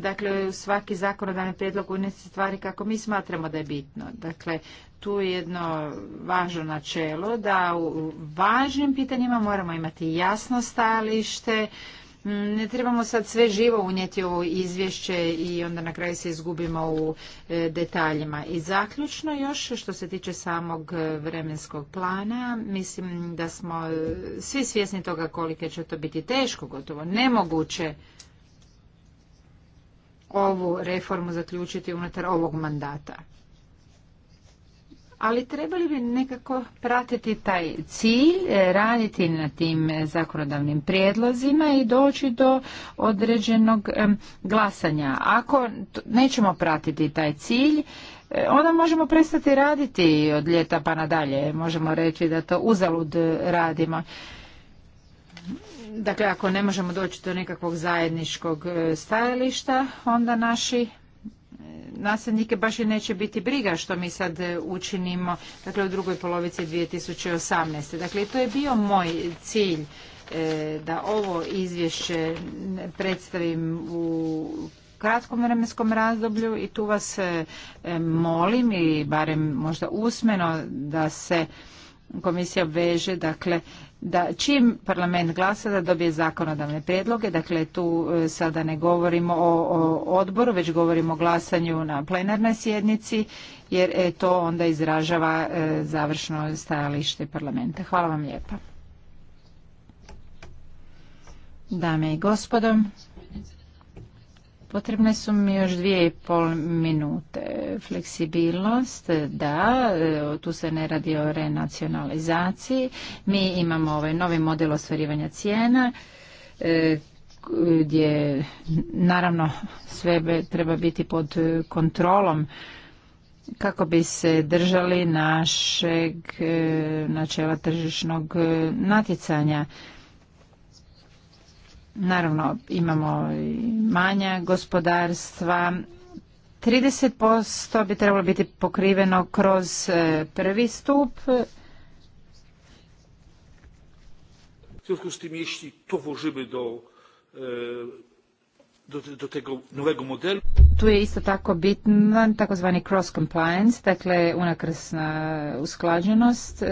dakle svaki zakonodavni prijedlog unesti stvari kako mi smatramo da je bitno. Dakle, tu je jedno važno načelo da u važnim pitanjima moramo imati jasno stajalište, Mm, ne trebamo sad sve živo unijeti u izvješće i onda na kraju se izgubimo u e, detaljima. I zaključno još što se tiče samog e, vremenskog plana, mislim da smo e, svi svjesni toga kolike će to biti teško, gotovo nemoguće ovu reformu zaključiti unutar ovog mandata ali trebali bi nekako pratiti taj cilj, e, raditi na tim zakonodavnim prijedlozima i doći do određenog glasanja. Ako nećemo pratiti taj cilj, e, onda možemo prestati raditi od ljeta pa nadalje. Možemo reći da to uzalud radimo. Dakle, ako ne možemo doći do nekakvog zajedničkog e, stajališta, onda naši nasljednike baš i neće biti briga što mi sad e, učinimo dakle, u drugoj polovici 2018. Dakle, to je bio moj cilj e, da ovo izvješće predstavim u kratkom vremenskom razdoblju i tu vas e, molim i barem možda usmeno da se komisija veže dakle da čim parlament glasa da dobije zakonodavne prijedloge, dakle tu e, sada ne govorimo o, odboru, već govorimo o glasanju na plenarnoj sjednici, jer e, to onda izražava e, završno stajalište parlamenta. Hvala vam lijepa. Dame i gospodo, Potrebne su mi još dvije i pol minute. Fleksibilnost, da, e, tu se ne radi o renacionalizaciji. Mi imamo ovaj novi model ostvarivanja cijena, e, gdje naravno sve treba biti pod kontrolom kako bi se držali našeg e, načela tržišnog natjecanja. Naravno, imamo manja gospodarstva. 30% bi trebalo biti pokriveno kroz e, prvi stup. E, tu je isto tako bitno takozvani cross compliance, dakle unakrsna usklađenost.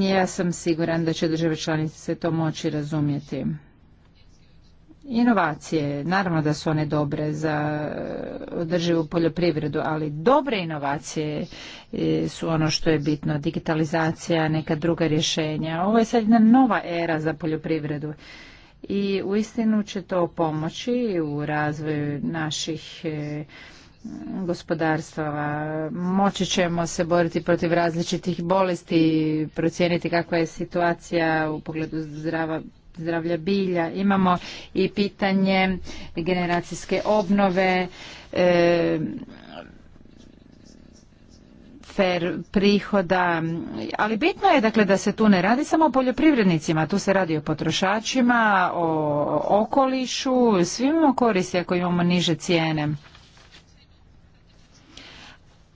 Ja sam siguran da će države članice to moći razumjeti. Inovacije, naravno da su one dobre za održivu poljoprivredu, ali dobre inovacije e, su ono što je bitno, digitalizacija, neka druga rješenja. Ovo je sad jedna nova era za poljoprivredu i uistinu će to pomoći u razvoju naših e, ...gospodarstva. Moći ćemo se boriti protiv različitih bolesti, procijeniti kakva je situacija u pogledu zdrava zdravlja bilja. Imamo i pitanje generacijske obnove, e, fer prihoda, ali bitno je dakle da se tu ne radi samo o poljoprivrednicima, tu se radi o potrošačima, o okolišu, svima koristi ako imamo niže cijene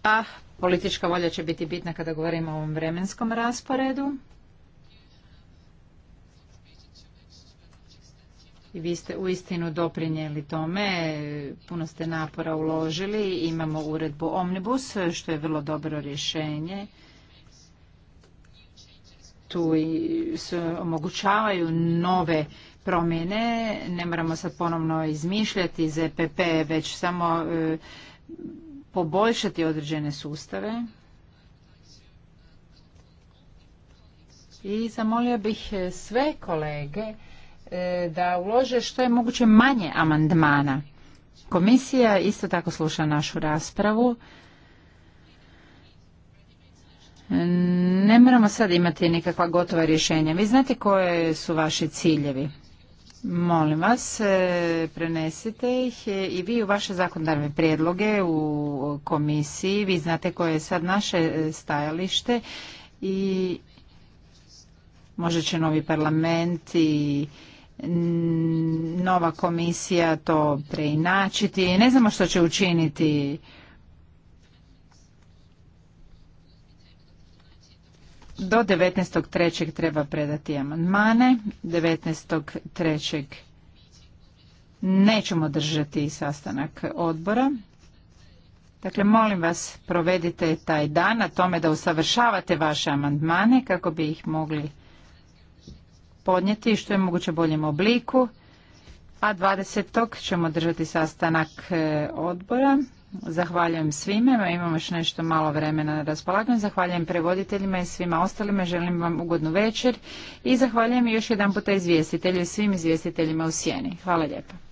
a politička volja će biti bitna kada govorimo o ovom vremenskom rasporedu. I vi ste uistinu doprinijeli tome, puno ste napora uložili, imamo uredbu Omnibus, što je vrlo dobro rješenje. Tu omogućavaju nove promjene, ne moramo sad ponovno izmišljati ZPP, e već samo e, poboljšati određene sustave i zamolio bih e, sve kolege e, da ulože što je moguće manje amandmana. Komisija isto tako sluša našu raspravu. Ne moramo sad imati nikakva gotova rješenja. Vi znate koje su vaši ciljevi. Molim vas, e, prenesite ih e, i vi u vaše zakonodavne prijedloge u komisiji. Vi znate koje je sad naše e, stajalište i možda će novi parlament i nova komisija to preinačiti. Ne znamo što će učiniti Do 19.3. treba predati amandmane. 19.3. nećemo držati sastanak odbora. Dakle, molim vas, provedite taj dan na tome da usavršavate vaše amandmane kako bi ih mogli podnijeti što je moguće boljem obliku. A 20. ćemo držati sastanak e, odbora. Zahvaljujem svima, imamo još nešto malo vremena na raspolaganju. Zahvaljujem prevoditeljima i svima ostalima, želim vam ugodnu večer i zahvaljujem još jedan puta izvjestitelju i svim izvjestiteljima u Sjeni. Hvala lijepa.